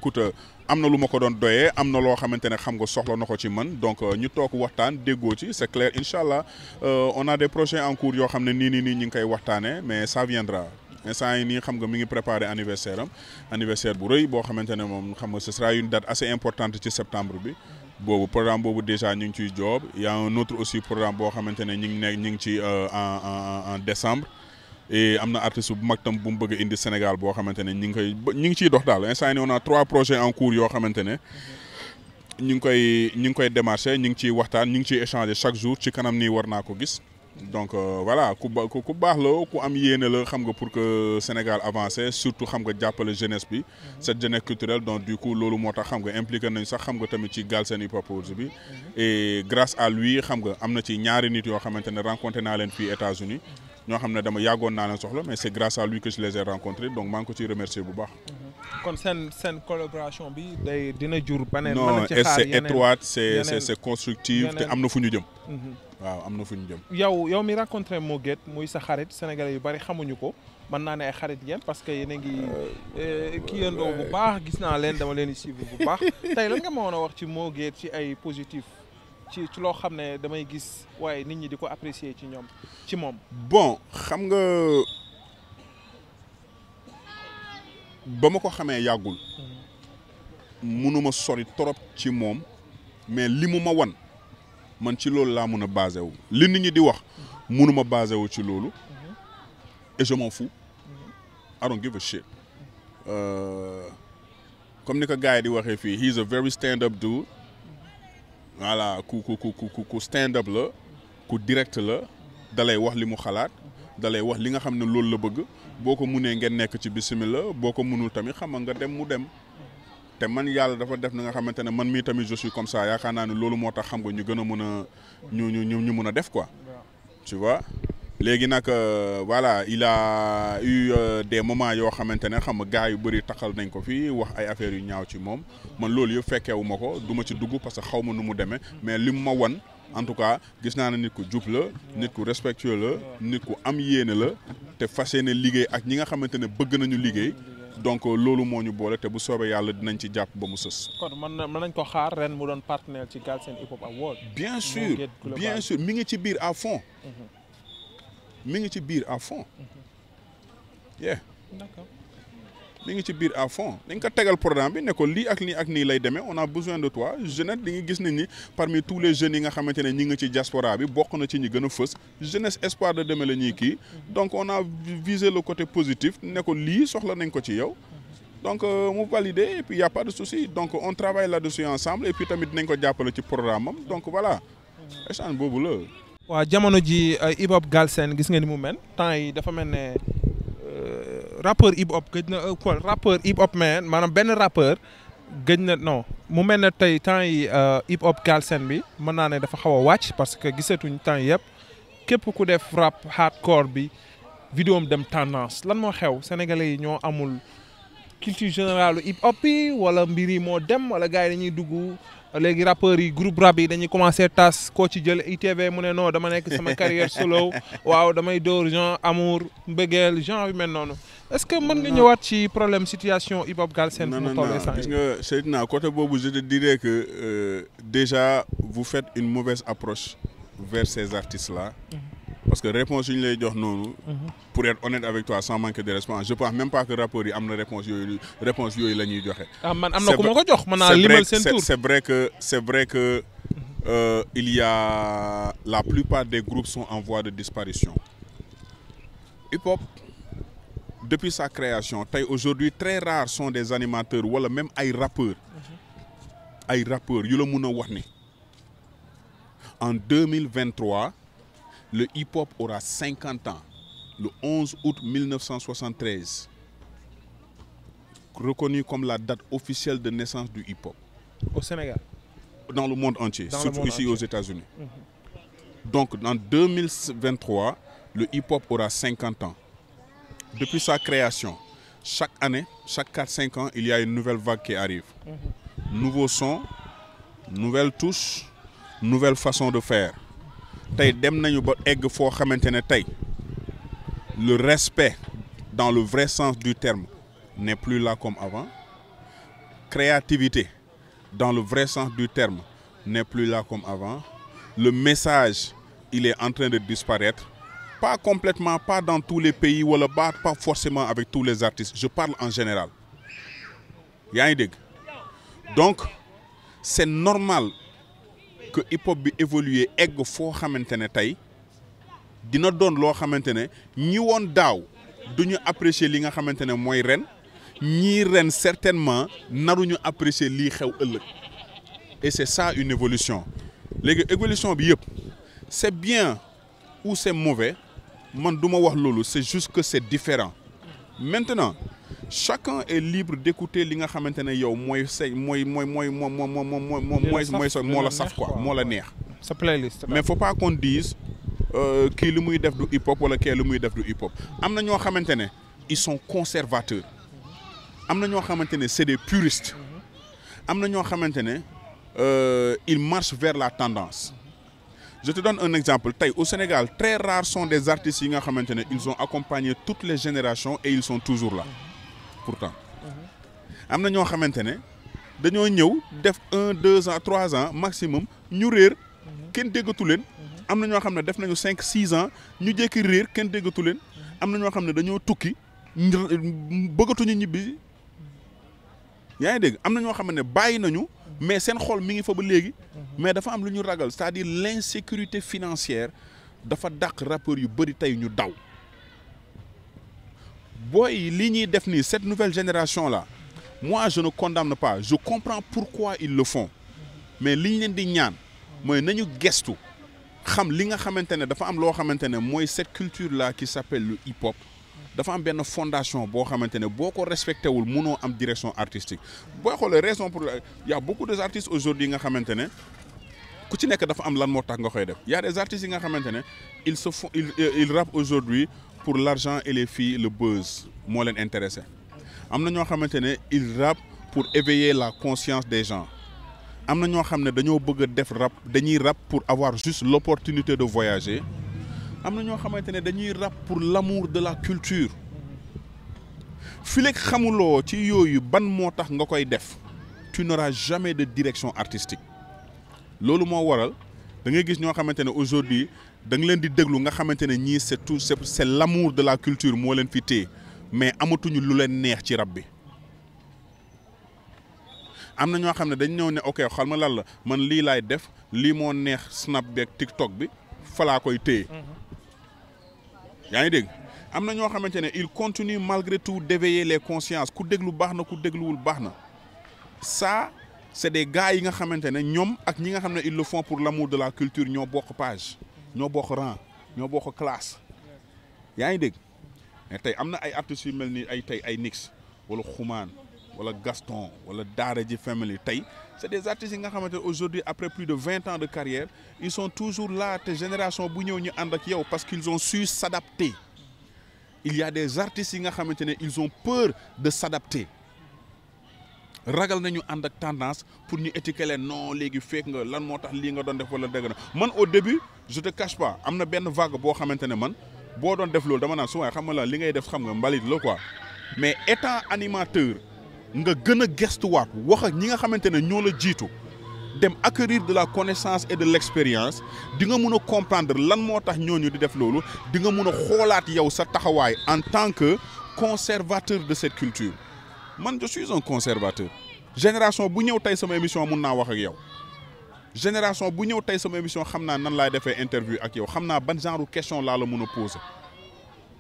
am na lu ma ko doon doyee am na loo xamante ne xam nga soxla na ko ci man donc euh, ñu toog waxtaan déggoo ci c'est clair incha allah on a de projets en cours yoo xam ne nii nii nii ñu ngi koy waxtaanee mais sa viendra instant yi nii xam nga mi ngi préparé anniversaire am anniversaire bu rëy boo xamante ne moom xam nga ce sera une date assez importante ci septembre bi boobu programme boobu déjà ñu ngi ciy job y a un autre aussi programme boo xamante ne ñu ngi nekk ñu ngi ci euh, en décembre et na artiste bu mag tam bu mu bëgg indi Sénégal boo xamante ne ñu ngi koy ñu ngi ciy dox daal instant yii on a trois projets en cours yoo xamante ne ñu ngi koy ñu ngi koy démarché ñu ngi ciy waxtaan ñu ngi ciy échanger chaque jour ci kanam nii war naa ko gis. donc euh, voilà ku ba ku baax la ku am yéene la xam nga pour que Sénégal avancé surtout xam nga jàppale jeunesse bi. Mhm. cette jeunesse culturelle donc du coup loolu moo tax xam nga impliqué nañu sax xam nga tamit ci Galsen Hip Hop Awards bi. Mhm. et grâce à lui xam nga am na ci ñaari nit yoo xamante ne rencontré naa leen fii États-Unis mhm. ñoo xam ne dama yàggoon naa leen soxla mais c'est grâce à lui que je les ai rencontrés donc maa ngi ko ciy remercier bu baax.
kon seen seen collaboration bi day dina jur. beneen mën ci xaar yeneen non c'est constructive te am na fu ñu jëm.
Mhm. waaw am na fu ñu jëm.
yow yow mi rencontré gét muy sa xarit sénégalais yu bari xamuñu ko mën naa ne ay xarit ngeen parce que yéen a ngi eh, kii yëndoo bu euh, baax gis naa leen dama leen di suivre bu baax tey lan nga ma mën a wax ci Moguette ci ay positif ci ci loo xam ne damay gis waaye nit ñi di ko apprécier ci ñoom
ci moom. bon xam nga. ba ma ko xamee yàggul mënuma sori trop ci moom mais li mu ma wan man ci loolu laa mën a basé wu li nit ñi di wax munuma basé wu ci loolu et je m'en fous I don't euh, comme ni ko gars yi di waxee fii he is a very stand up dude voilà ku ku ku ku stand up la ku direct la dalay wax li mu xalaat dalay wax li nga xam ne loolu la bëgg boo ko munee ngeen nekk ci bisimilah boo ko munul tamit xam nga dem mu dem te man yàlla dafa def na nga xamante ne man mii tamit je suis comme ça yaakaar naa ne loolu moo tax xam nga ñu gën a mun a ñu ñu ñu mun a def ko tu vois. léegi nag euh, voilà il a eu euh, des yoo xamante ne xam nga gars yu bëri taxal nañ ko fii wax ay affaire yu ñaaw ci moom man loolu yëpp fekkeewu ma ko du ci dugg parce que xaw ma nu mu demee mais li lim ma wan. en tout cas gis naa ne nit ku jub la nit ku respectueux la nit ku am yéene la te fas yéene liggéey ak ñi nga xamante ne bëgg nañu liggéey donc loolu moo ñu boole te bu soobee yàlla dinañ ci jàpp ba mu sës.
kon mën na mën nañ ko xaar ren mu doon partenaire ci Galsen Hip Hop Award. bien sûr bien sûr
mi ngi ci biir à fond. Mhm. mi ngi ci biir à fond.
Mhm.
mi ngi ci biir à fond dañ ko tegal programme bi ne ko lii ak nii ak nii lay demee on a besoin de toi jeunesse di nga gis nañ ni parmi tous les jeunes yi nga xamante ne ñi ngi ci diaspora bi bokk na ci ñi gën a fës jeunesse espoir de demain la ñuy kii donc on a visé le côté positif ne ko lii soxla nañ ko ci yow donc euh, mu validé et puis y a pas de souci donc on travaille là-dessus ensemble et puis tamit dinañ ko jàppale ci programme am donc voilà échange boobu la.
waaw jamono ji hip euh, hop Galsen gis nga ni mu mel temps yi dafa mel ne. rappeur hip hop gëj na euh, quoi rappeur hip hop man maanaam benn rappeur gëj na non mu mel ne tey temps yi euh, hip hop galsen bi mën naa ne dafa xaw a wàcc parce que gisatuñ temps yëpp képp ku def rap hardcore bi vidéo dem tendance lan moo xew sénégalais yi ñoo amul culture générale hip hop bi wala mbir yi moo dem wala gars yi dañuy dugg léegi rappeurs yi groupe rap yi dañuy commencé tas koo ci jël ITV mu ne non dama nekk sama carrière solo waaw damay dóor genre amour mbëggeel genre yu mel noonu est-ce que mën nga ñëwaat ci problème situation hip hop Galsen non non gis nga
Seydina côté boobu je te dirais que euh, déjà vous faites une mauvaise approche vers ces artistes là. Mhm. parce que réponse yu ñu lay jox noonu. Mhm. pour être honnête avec toi sans manquer de respect je pense même pas que rapport yi am na réponse yooyu réponse yooyu la ñuy joxe. ah man am na ku ma ko jox ma naa limal seen tour c'est vrai que c'est vrai que euh, il y a la plupart des groupes sont en voie de disparition hip-hop depuis sa création tey aujourd'hui très rares sont des animateurs wala même ay rappeurs mhm. ay rappeurs yu la mun a wax ni en deux mille vingt le hip-hop aura 50 ans le 11 août 1973, reconnu comme la date officielle de naissance du hip-hop. Au Sénégal Dans le monde entier, dans surtout monde ici entier. aux États-Unis. Mhm. Donc, en le hip-hop aura ans. Depuis sa création, chaque année, chaque 4-5 ans, il y a une nouvelle vague qui arrive. Mhm. Nouveaux sons, nouvelles touches, nouvelles façons de faire. tey dem nañu ba egg foo xamante ne tey le respect dans le vrai sens du terme n'est plus la comme avant créativité dans le vrai sens du terme n'est plus là comme avant le message il est en train de disparaître pas complètement pas dans tous les pays wala ba pas forcément avec tous les artistes je parle en général yaa ngi dégg donc c'est normal que hip bi évoluer egg foo xamante ne tey dina doon loo xamante ne ñi woon daaw duñu ñu apprécier li nga xamante ne mooy ren ñii ren certainement naruñu apprécier lii xew ëllëg et c'est ça une évolution léegi évolution bi yëpp c'est bien ou c'est mauvais man du ma wax loolu c'est juste que c'est différent maintenant chacun est libre d'écouter li nga xamante ne yow mooy say mooy mooy mooy mooy mooy mooy mooy mooy sa moo la saf quoi moo la neex. sa playlist mais faut pas qu'on dise euh, kii li muy def du hip hop wala kii li muy def du hip hop am na ñoo xamante ne ils sont conservateurs am na ñoo xamante ne c'est des puristes am na ñoo xamante ne euh, ils marchent vers la tendance. Je te donne un exemple. Au Sénégal, très rares sont des artistes qui ont accompagné toutes les générations et ils sont toujours là. pourtant. Mhm. am na ñoo xamante ne dañoo ñëw def un deux ans trois ans maximum ñu réer mhm. kenn déggatu leen. Mhm. am na ñoo xam ne def nañu cinq six ans ñu jékki réer kenn déggatu leen. am na ñoo xam ne dañoo tukki bëggatuñu ñibbi. yaa ngi dégg am na ñoo xam ne bàyyi nañu. mais seen xol mi ngi fa ba léegi. mais dafa am lu ñu ragal c'est-à-dire l'insécurité financière dafa dàq rappeurs yu bëri tey ñu daw. booy li ñuy def nii cette nouvelle génération la moi je ne condamne pas je comprends pourquoi ils le font mais li ñu leen di ñaan mooy nañu gestu xam li nga xamante ne dafa am loo xamante ne mooy cette culture là qui s'appelle le hip hop dafa am benn fondation boo xamante ne boo ko respecté wul munoo am direction artistique boo xoolee raison pour la y a beaucoup des artistes aujourd'hui nga xamante ne ku ci nekk dafa am lan moo tax nga koy def y a yi nga xamante ne ils se font ils euh, ils rappent aujourd'hui pour l'argent et les fi le buzz moo leen intéressé am na ñoo xamante ne ils pour éveiller la conscience des gens am na ñoo xam ne dañoo bëgg a def rab dañuy rap pour avoir juste l'opportunité de voyager am na ñoo xamante ne dañuy rab pour l'amour de la culture fileeg xamuloo ci yooyu ban moo tax nga koy def tu n'auras jamais de direction artistique loolu moo waral da ngay gis ñoo xamante ne aujourd'hui da leen di déglu nga xamante ne ñii c'est tout c'est c'est l'amour de la culture moo leen fi téye mais amatuñu lu leen neex ci rab bi am na ñoo xam ne dañ ñëw ne ok xam nga la man lii laay def lii moo neex snap bi ak tiktok bi falaa koy té
mm-hmm.
yaa ngi dégg am na ñoo xamante ne il continue malgré tout d'éveiller les consciences ku déglu baax na ku dégluwul baax na ça c'est des gars yi nga xamante ne ñoom ak ñi nga xam ne ils le font pour l'amour de la culture ñoo bokk ñoo bokk rang ñoo bokk classe yaa ngi dégg mais tey am na ay artistes yu mel ni ay tey ay Nix wala Xumaan wala Gaston wala Daara J Family tey c'est des artistes yi nga xamante aujourd'hui après plus de vingt ans de carrière ils sont toujours là te génération bu ñëw ñu ànd ak yow parce qu'ils ont su s'adapter il y des artistes yi nga xamante ne ils ont peur de s'adapter ragal nañu ànd ak tendance pour ñu étiqueter leen non léegi fekk nga lan moo tax lii nga doon def wala dëgg na man au début je te cache am na benn vague boo xamante ne man boo doon def loolu dama naan souvent xam nga la li ngay def xam nga mbalit la quoi mais étant animateur nga gën a gestuwaat wax ak ñi nga xamante ne ñoo la jiitu dem acquérir de la connaissance et de l'expérience di nga mun a comprendre lan moo tax ñoo ñu di def loolu di nga mun a xoolaat yow sa taxawaay en tant que conservateur de cette man je suis un conservateur génération bu ñëw tey sama émission mun naa wax ak yow génération bu ñëw tey sama émission xam naa nan laay defee interview ak yow xam naa ban genre question laa la mun a poser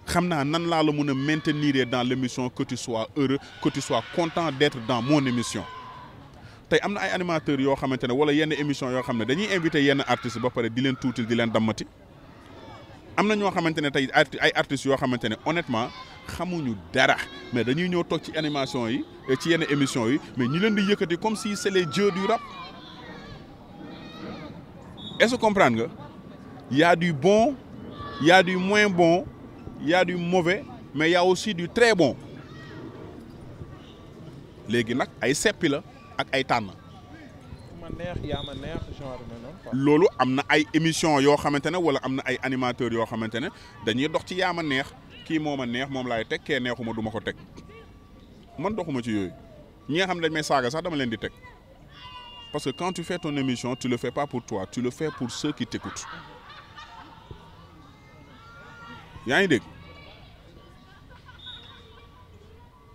xam naa nan laa la mun a maintenir dans l' émission que tu sois heureux que tu sois content d' dans mon émission tey am na ay animateurs yoo xamante ne wala yenn émission yoo xam ne dañuy invité yenn artistes ba pare di leen tuutil di leen dammati am na ñoo xamante ne tey ay artistes yoo xamante ne honnêtement xamuñu dara mais dañuy ñëw toog ci animation yi ci yenn émission yi mais ñu leen di yëkkati comme si c'est les dieux du rap est-ce que comprendre nga y a du bon y a du moins bon y du mauvais mais y a aussi du très bon léegi nag ay seppi la ak ay tànn. loolu am na ay émission yoo xamante ne wala am na ay animateurs yoo xamante ne dañuy dox ci yaama neex. kii moom ma neex moom laay teg kee neexuma duma ko teg man doxuma ci yooyu ñi xam ne dañ may saaga sax dama leen di teg parce que quand tu fais ton émission tu le fais pas pour toi tu le fais pour ceux qui t'écoutent yaa ngi dégg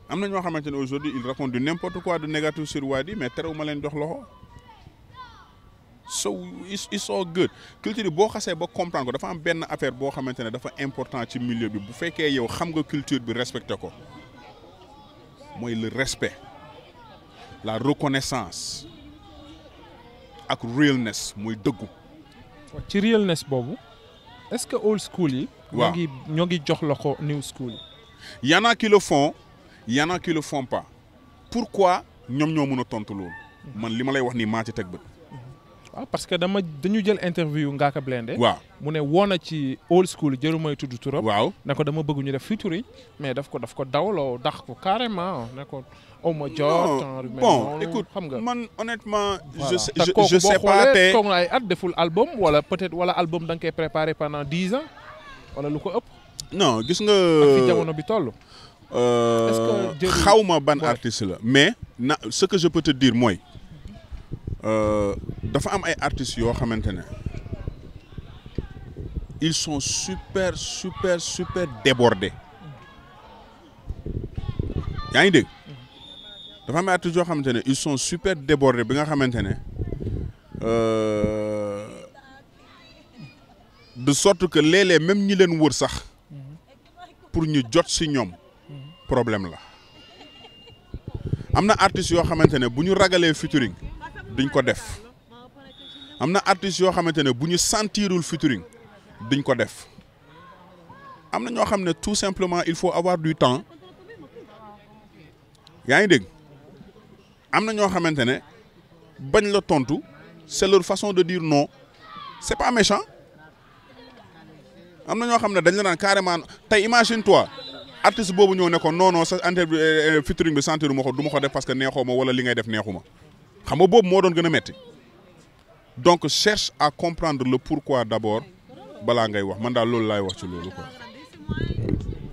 am na ñoo xamante ne aujourd'hui il raconte du n'importe quoi de négatif sur Wadi mais terewuma leen jox loxo so it's so good culture yi boo xasee ba comprendre ko dafa am benn affaire boo xamante ne dafa important ci milieu bi bu fekkee yow xam nga culture bi respecté ko mooy le respect la reconnaissance ak realness mooy dëggu. ci realness boobu est-ce que old school yi. waaw
ñoo ngi jox la ko new school
yi. y en a qui le font y pourquoi ñoom ñoo mën a tontu loolu. man li ma lay wax nii maa ci teg bët. waaw ah, parce que
dama dañu jël interview Ngaaka Blindé waaw
mu ne woon na ci old school jëru may tudd turam
waaw nekko dama bëgg ñu def futur yi mais daf ko daf ko dawloo dax ko carrément ne ko aw ma jot bon écoute
xam nga man honnêtement je sais na
ay at deful album wala peut-être wala album da nga koy préparé pendant dix ans wala lu ko ëpp
non gis nga fi jamono bi toll euh, est-ce que ban artiste la mais na ce que je peux te dire mooy Euh, dafa am ay artistes yoo xamante ne ils sont super super super débordés yaa ngi dégg dafa am ay artistes yoo xamante ne ils sont super débordés bi nga xamante ne euh, de sorte que léeg-léeg même ñi leen wër sax pour ñu jot si ñoom problème la am na artistes yoo xamante ne bu ñu ragalee featuring duñ ko def am na artistes yoo xamante ne bu ñu sentirul featuring duñ ko def am na ñoo xam ne tout simplement il faut avoir du temps yaa ngi dégg am na ñoo xamante ne bañ la tontu c'est leur façon de dire non c'est pas méchant am na ñoo xam ne dañ la naan carrément tey imagine toi artiste boobu ñëw ne ko non non sa interview euh, featuring bi sentiruma ko du ma ko def parce que neexoo ma wala li ngay def neexuma xam nga boobu moo doon gën a metti donc cherche à comprendre le pourquoi d'abord balaa ngay wax man daal loolu laay wax ci loolu quoi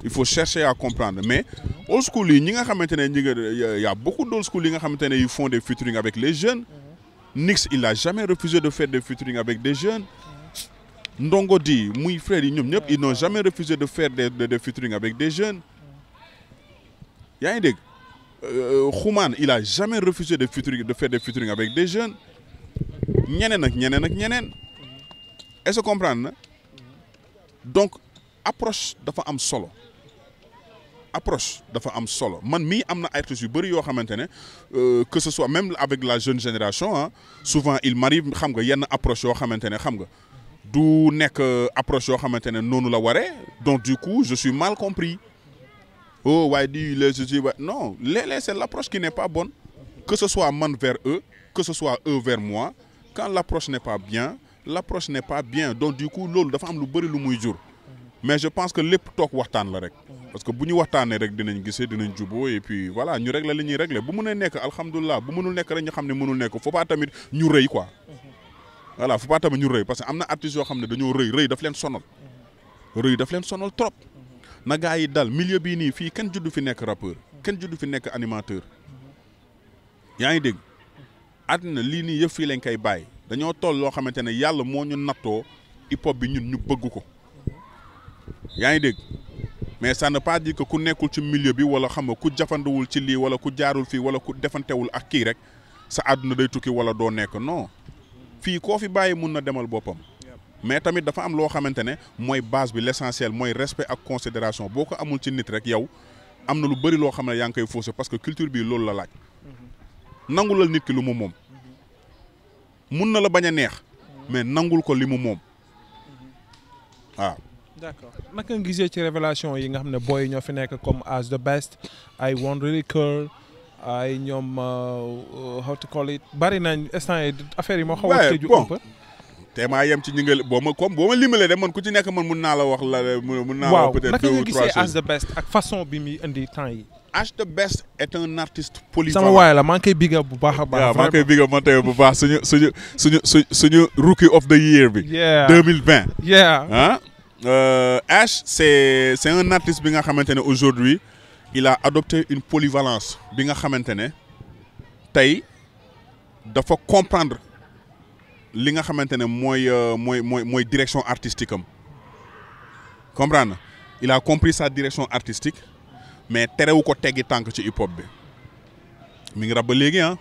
il faut chercher à comprendre mais old school yi ñi nga xamante ne ñi y a beaucoup d'old yi nga xamante ne ils font des featuring avec les jeunes Nix il a jamais refusé de fair des featuring avec des jeunes Ndongo Di muy frère yi ñoom ñëpp ils n'ont jamais refusé de faire des des featuring avec des jeunes yaa ngi dégg Xuman euh, il a jamais refusé de featuring de faire des featuring avec des jeunes ñeneen ak ñeneen ak ñeneen est-ce que comprendre na donc approche dafa am solo approche dafa am solo man mii am na artistes yu bëri yoo xamante ne euh, que ce soit même avec la jeune génération ah souvent il m'arrive xam nga yenn approche yoo xamante ne xam nga du nekk euh, approche yoo xamante ne noonu la waree donc du coup je suis mal compris oh waaye di les soucis waaye non léeg-léeg c'est l'approche qui n'est pas bonne que ce soit man vers eux que ce soit eux vers moi quand l'approche n'est pas bien l'approche n'est pas bien donc du coup loolu dafa am lu bari lu muy jur mais je pense que lépp toog waxtaan la rek parce que bu ñu waxtaanee rek dinañ gisee dinañ juboo et puis voilà ñu régler li ñuy régler bu mënee nekk alhamdulilah bu mënul nekk rek ñu xam ne mënul nekk faut tamit ñu rëy quoi voilà faut pas xam ne dañoo rëy rëy daf leen sonal rëy nagaa yi dal milieu bii nii fii kenn juddu fi nekk rappeur kenn juddu fi nekk animateur yaa ngi dégg àdduna lii nii yëpp fii lañ koy bàyyi dañoo toll loo xamante ne yàlla moo ñu nattoo hip bi ñun ñu bëgg ko yaa ngi dégg mais sànn ne pas ku nekkul ci milieu bi wala xam nga ku jafanduwul ci lii wala ku jaarul fii wala ku defantewul ak kii rek sa àdduna day tukki wala doo nekk noo fii koo fi bàyyi mun na demal boppam mais tamit dafa am loo xamante ne mooy base bi l'essentiel mooy respect ak considération boo ko amul ci nit rek yow am na lu bëri loo xam ne yaa ngi koy faussé parce que culture bi loolu la laaj nangulal nit ki lu mu moom mun na la bañ a neex mais nangul ko li mu moom waaw
d'accord naka nga gisee ci révélation yi nga xam ne booy ñoo fi nekk comme as the best ay one really cool ay ñoom euh, euh, how to call it bari nañ instant yi affaire yi moo xaw a tëju un peu
te maa yem ci ñi boo ma comme boo ma limalee de man ku ci nekk man mun naa la wax la mun naa la peut-être deux waaw naka nga gisee Ash
the Best ak façon bi muy indi temps yi. Ash the Best est un artiste polyvalent. la maa ngi koy
bu baax a baax. waaw maa ngi koy bigga man bu baax suñu suñu suñu suñu suñu rookie of the bi. yeah 2020. yeah ah. Euh, Ash c'est c'est bi nga xamante ne aujourd'hui il a adopté une polyvalence bi nga xamante ne tey dafa comprendre. li nga xamante ne mooy euh, mooy mooy mooy direction artistique am comprendre il a compris sa direction artistique mais terewu ko teggi tànk ci hip hop bi mi ngi rab ba léegi ah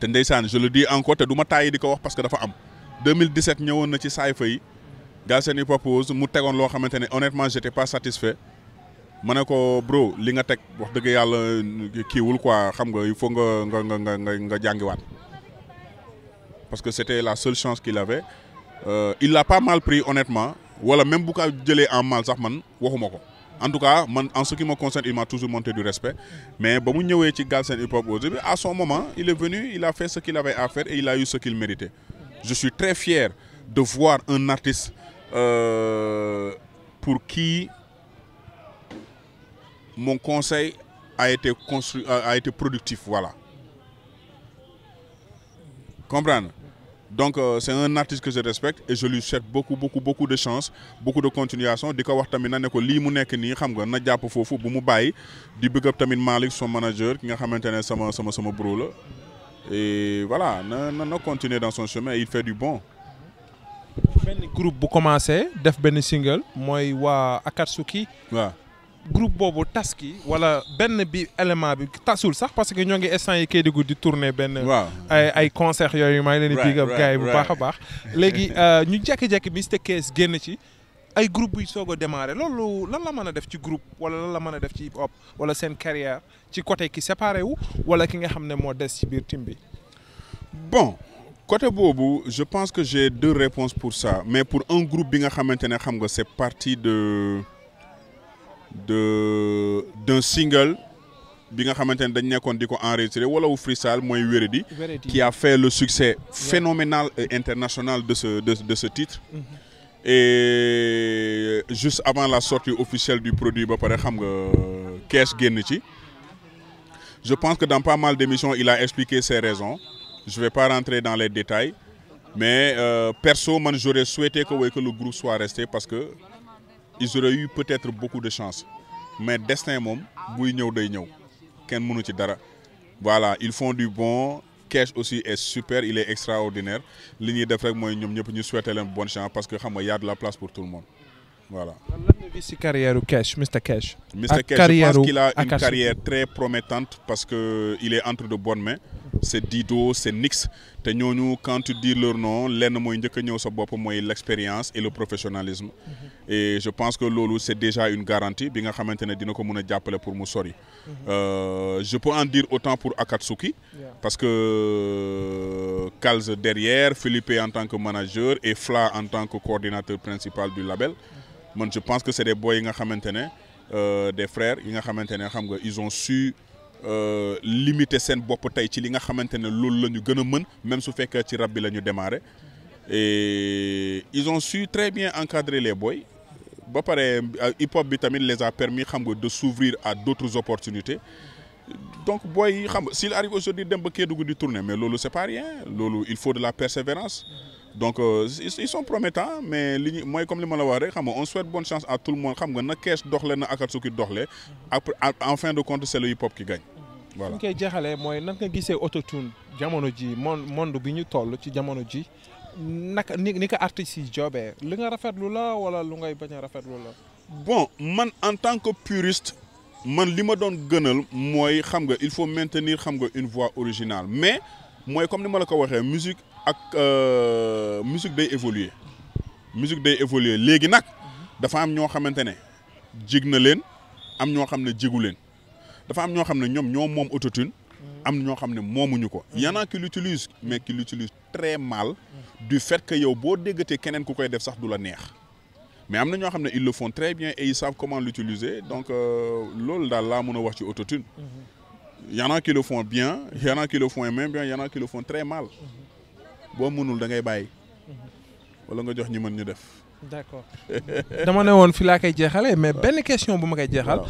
te ndeysaan je le dis encore te du ma tàyyi di ko wax parce que dafa am 2017 ñëwoon na ci Saayfa yi Galsen Hip Hop Awards mu tegoon loo xamante ne honnêtement j'étais pas satisfait ma ne ko bro li nga teg wax dëgg yàlla kiiwul quoi xam nga il faut nga nga nga nga nga jàngiwaat. parce que c'était la seule chance qu'il avait euh, il l'a pas mal pris honnêtement wala même bu ko jëlee en mal sax man waxuma ko en tout cas man en ce qui me concerne il m'a toujours montré du respect mais ba mu ñëwee ci Galsen Hip Hop au début à son moment il est venu il a fait ce qu'il avait à et il a eu ce qu'il méritait je suis très fier de voir un artiste euh, pour qui mon conseil a été construit a été productif voilà comprendre donc euh, c'est un artiste que je respecte et je lui souhaite beaucoup beaucoup beaucoup de chance beaucoup de continuation di ko wax tamit na ne ko lii mu nekk nii xam nga na jàpp foofu bu mu bàyyi di bëgg tamit Malick son manager ki nga xamante ne sama sama sama bro et voilà na na na continuer dans son chemin il fait du bon.
benn groupe bu commencé def benn single mooy waa Akatsuki. waa groupe boobu tas ki wala benn bi élément bi tasul sax parce que ñoo ngi instant yi Kédougou di tourner benn. waaw ay ay concert yooyu maa ngi leen di. big up gars bu baax a baax. léegi euh, ñu jékki-jékki Mr Case génn ci ay groupe buy soog a démarrer loolu lan la mën a def ci groupe wala lan la mën a def ci hip hop wala seen carrière ci côté ki séparé wu wala ki nga xam ne moo des ci biir team bi.
bon côté boobu je pense que j'ai deux réponses pour ça mais pour un groupe bi nga xamante ne xam nga c'est parti de. de d'un single bi nga xamante ne dañ nekkoon di ko enregistré wala wu freestyle mooy Wéredi qui a fait le succès phénoménal et international de ce de, de ce titre mm et juste avant la sortie officielle du produit ba pare xam nga kees génn ci je pense que dans pas mal d'émissions il a expliqué ses raisons je vais pas rentrer dans les détails mais euh, perso man j'aurais souhaité que, ouais, que le groupe soit resté parce que ils auraient eu peut-être beaucoup de chance mais destin moom buy ñëw day ñëw kenn mënu ci dara voilà ils font du bon Kesh aussi est super il est extraordinaire li ñuy def rek mooy ñoom ñëpp ñu souhaiter leen bonne parce que xam nga a de la place pour tout le monde voilà. lan
nga gis ci carrière Cash Mr Cash. Mr Cash je pense qu'il a une carrière
très promettante parce que il est entre de bonnes mains. c'est Dido c'est Nix te ñooñu quand tu dis leur nom lenn mooy njëkk ñëw sa bopp mooy l'expérience et le professionalisme mhm. et je pense que loolu c'est déjà une garantie bi nga xamante ne dina ko mën a jàppale pour mu sori. Mhm. Euh, je peux en dire autant pour Akatsuki. parce que Kalz euh, derrière Philippe en tant que manager et Fla en tant que coordinateur principal du label. man je pense que c'est des boys yi nga xamante ne euh, des frères yi nga xamante ne xam nga ils ont su euh, limite seen bopp tey ci li nga xamante ne loolu la ñu gën a mën même su fekkee ci rab bi la ñu démarré et ils ont su très bien encadrer les booy ba pare euh, hip hop bi tamit les a permis xam nga de s'ouvrir à d'autres opportunités donc boy yi xam nga s'il arrive aujourd'hui dem ba Kédougou di tourner mais loolu c'est pas rien loolu il faut de la persévérance donc euh, ils sont promettants mais li ñu mooy comme li ma la wax rek xam nga on souhaite bonne chance à tout le monde xam nga na Kees doxle na Akatsuki doxle après en fin de compte c'est le hip hop qui gagne voilà ñu
koy jeexalee mooy nan nga gisee autotune jamono ji monde monde bi ñu toll ci jamono ji naka ni ni ko artistes yi joobee li nga rafetlu la wala lu ngay bañ a rafetlu la
bon man en tant que puriste man li ma doon gënal mooy xam nga il faut maintenir xam nga une voix originale mais mooy comme ni ma la ko waxee musique ak euh, musique day évoluer musique day évoluer léegi nag dafa am ñoo xamante ne jig na leen am ñoo xam ne jigu leen dafa am ñoo xam ne ñoom ñoom moom autotune am ñoo xam ne moomuñu ko yanaa en a qui l'utilisent mais qui l'utilisent très mal du fait que yow boo déggatee keneen ku koy def sax du la neex mais am na ñoo xam ne ils le font très bien et ils savent comment l'utiliser donc euh, loolu daal laa mën a wax ci autotune y en a qui font bien y en a même bien y a qui le font très mal boo mënul da ngay bàyyi wala nga jox ñi mën ñu def. d'accord dama ne woon fi laa koy jeexale mais benn question bu ma koy jeexal.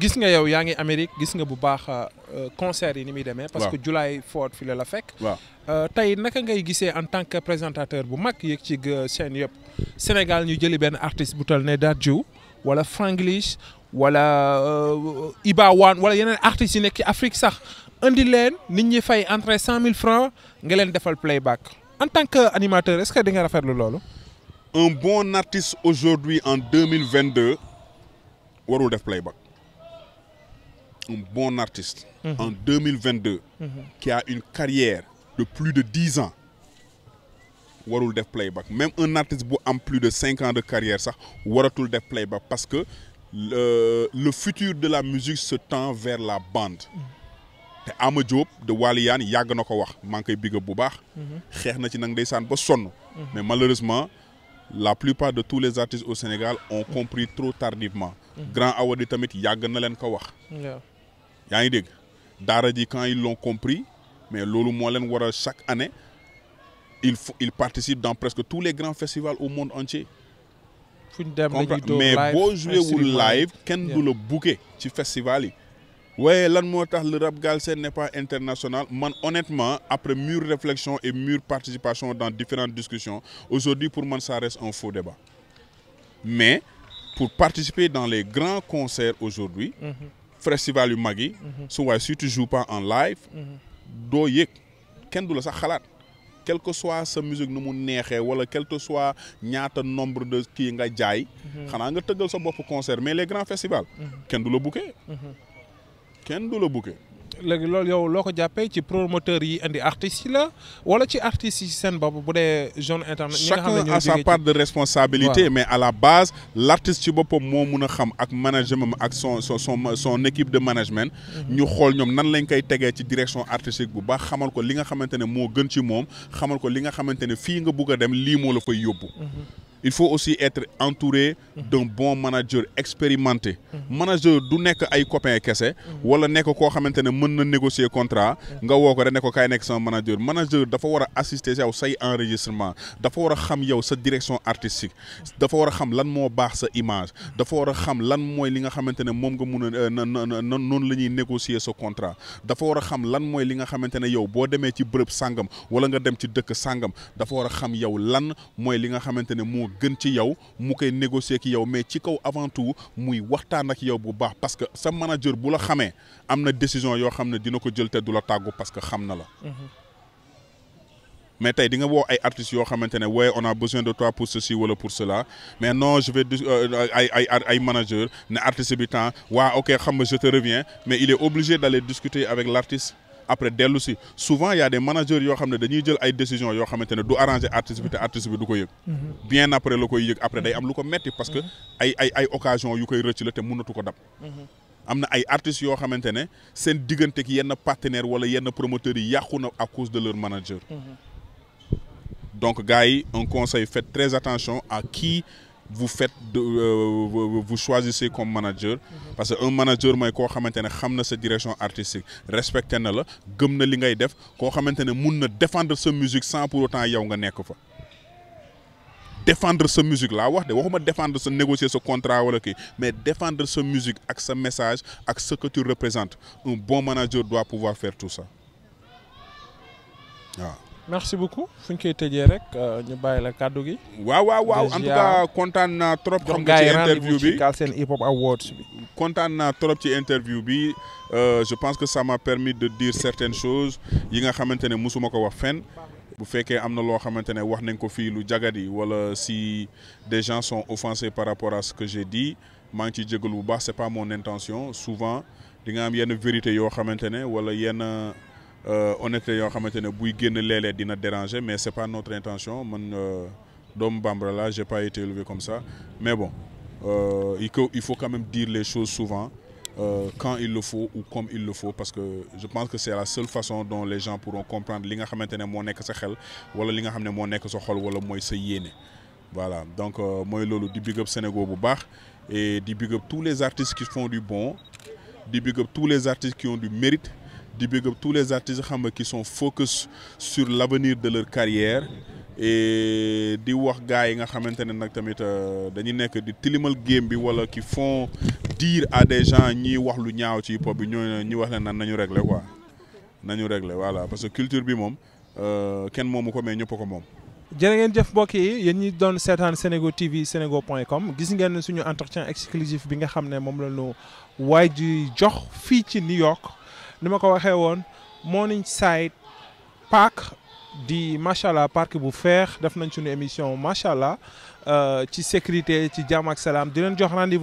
gis nga yow yaa ngi Amérique gis nga bu baax euh, concert yi ni muy demee. parce que July Ford fi la la fekk. waaw euh, tey naka ngay gisee en tant que présentateur bu mag yëg ci euh, seen yëpp Sénégal ñu jëli benn artiste bu tal ne Dadju wala Franglish wala euh, Iba Waan wala yeneen artistes yi nekk ci Afrique sax indi leen nit ñi fay entrée cent mille francs nga leen defal playback en tant que animateur est-ce que
di nga rafetlu loolu. un bon artiste aujourd'hui en deux mille vingt deux warul def playback un bon artiste. Mmh. en deux mille vingt deux. Mhm. qui a une carrière de plus de dix ans. warul def playback même un artiste bu am plus de cinq ans de carrière sax waratul def playback parce que le le futur de la musique se tend vers la bande. te Ama Diop de Waliyaan yàgg na ko wax maa ngi koy bu baax. xeex na ci nag ndeysaan ba sonn. mais malheureusement la plupart de tous les artistes au Sénégal ont compris trop tardivement. Grand Awadi tamit yàgg na leen ko wax. yaa ngi dégg daara ji quand ils l'ont compris mais loolu moo leen waral chaque année il faut il participe dans presque tous les grands festivals au monde entier.
fu ñu dem dañuy dóor mais boo joué wul live kenn du la
bouquet ci festival yi. waaye lan moo tax le rap galsen n'est pas international man honnêtement après mûre réflexion et mûre participation dans différentes discussions aujourd'hui pour man sa reste un faux débat mais pour participer dans les grands concerts aujourd'hui mm festival yu mag yi mm-hmm. su waaye si tu joues pas en live mm-hmm. doo yëg kenn du la sax xalaat quel que soit sa musique nu mu neexee wala quel que soit ñaata nombre de kii nga jaay. Mhm. xanaa nga tëggal sa bopp concert mais les grands festivals. Mhm. kenn du la bouquet. Mhm. kenn du la bouquet.
léegi loolu yow loo ko jàppee ci promoteur yi indi artistes yi la wala ci artistes yi seen bopp bu dee jeune internet. ñi nga a sa part de responsabilité.
mais à la base l' artiste ci boppam moo mun a xam ak management ak son son son son équipe de management. Mhm. ñu xool ñoom nan lañ koy tegee ci direction artistique bu baax xamal ko li nga xamante ne moo gën ci moom xamal ko li nga xamante ne fii nga bugg a dem lii moo la koy yóbbu. Mhm. il faut aussi être entouré d'un bon manager expérimenté manager du nekk ay copain kese wala nekk koo xamante ne mën na négocier contrat nga woo ko rek ne ko kaay nekk sama manager manager dafa war a assister yow say enregistrement dafa war a xam yow sa direction artistique dafa war a xam lan moo baax sa image dafa war a xam lan mooy li nga xamante ne moom nga mun a euh, na noonu la ñuy négocier sa contrat dafa war a xam lan mooy li nga xamante ne yow boo demee ci bërëb sàngam wala nga dem ci dëkk sàngam dafa war a xam yow lan mooy li moo gën ci yow mu koy négocier ak yow mais ci kaw avant tout muy waxtaan ak yow bu baax parce que sa manager bu la xamee am na décision yoo xam ne dina ko jël te du la tàggu parce que xam na la. Mm-hmm. mais tey di woo ay artistes yoo xamante ne ouais on a besoin de toi pour ceci wala pour cela mais non je vais euh, ay ay manager ne artiste bi temps waa ok xam nga je te reviens mais il est obligé d'aller discuter avec l'artiste après dellu si souvent y a des yoo xam ne dañuy jël ay décisions yoo xamante ne du arranger artiste bi te artiste bi du ko yëg mhm. bien après la koy yëg après day am lu ko metti parce que mhm. ay ay ay occasion yu koy rëcc la te mënatu ko dab mhm. am na ay artistes yoo xamante ne seen diggante ki yenn partenaire wala yenn promoteurs yi yàqu na à cause de leur manager donc gars yi un conseil faites très attention à qui vous faites de euh, vous choisissez comme manager. parce que un manager mooy koo xamante ne xam na sa direction artistique respecté na la gëm na li ngay def koo xamante ne mun na défendre sa musique sans pour autant yow nga nekk fa. défendre sa musique laa wax de waxuma défendre sa négocier sa contrat wala kii mais défendre sa musique ak sa message ak ce que tu représentes bon manager doit pouvoir faire tout ça
merci beaucoup fu ñu koy tëjee rek euh, ñu bàyyi
la kàddu gi. waaw waaw waaw en tout kontaan naa trop. xam nga ci interview bi Galsen Hip Hop Awards kontaan naa trop ci interview bi euh, je pense que sama m'a permis de dire certaines choses yi nga xamante ne mosuma ko wax fenn. bu fekkee am na loo xamante ne wax nañ ko fii lu jagadi wala si des gens sont offensés par rapport à ce que j'ai dit maa ngi ciy jégalu bu baax c'est pas mon intention souvent di nga am yenn vérité yoo xamante ne wala yenn. honnêteté euh, yoo xamante ne buy génn léeg dina déranger mais c'est pas notre intention man euh, doomu Bambara la j'ai pas été élevé comme ça mais bon euh, il faut il faut quand même dire les choses souvent quand il le faut ou comme il le faut parce que je pense que c'est la seule façon dont les gens pourront comprendre li nga xamante ne moo nekk sa xel wala li nga xam ne moo nekk sa xol wala mooy sa yéene voilà donc mooy loolu di big up Sénégal bu baax et di big up les artistes qui font bon di big les artistes qui di big up tous les artistes xam nga qui sont focus sur l' avenir de leur carrière e di wax gars yi nga xamante ne nag tamit euh, dañuy nekk di tilimal game bi wala qui font dire à des gens ñiy wax lu ñaaw ci hip bi ñoo ñi wax leen nan nañu régler quoi nañu régler voilà parce que culture bi moom euh, kenn moomu ko mais ñëpp ko moom. jërë ngeen jëf
mbokk yi yen ñu doon seetaan Senego TV senego point com gis ngeen suñu entretien exclusif bi nga xam ne moom la ñu waay ji jox fii ci New York. ni ma ko waxee woon morning side park di macha allah parc bu feex def nañ nu émission macha allah euh, ci sécurité ci jàmm ak salaam di leen jox rendez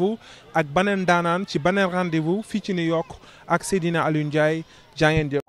ak beneen daanaan ci beneen rendez-vous fii ci New yokk ak Seydina Aliou Ndiaye jaa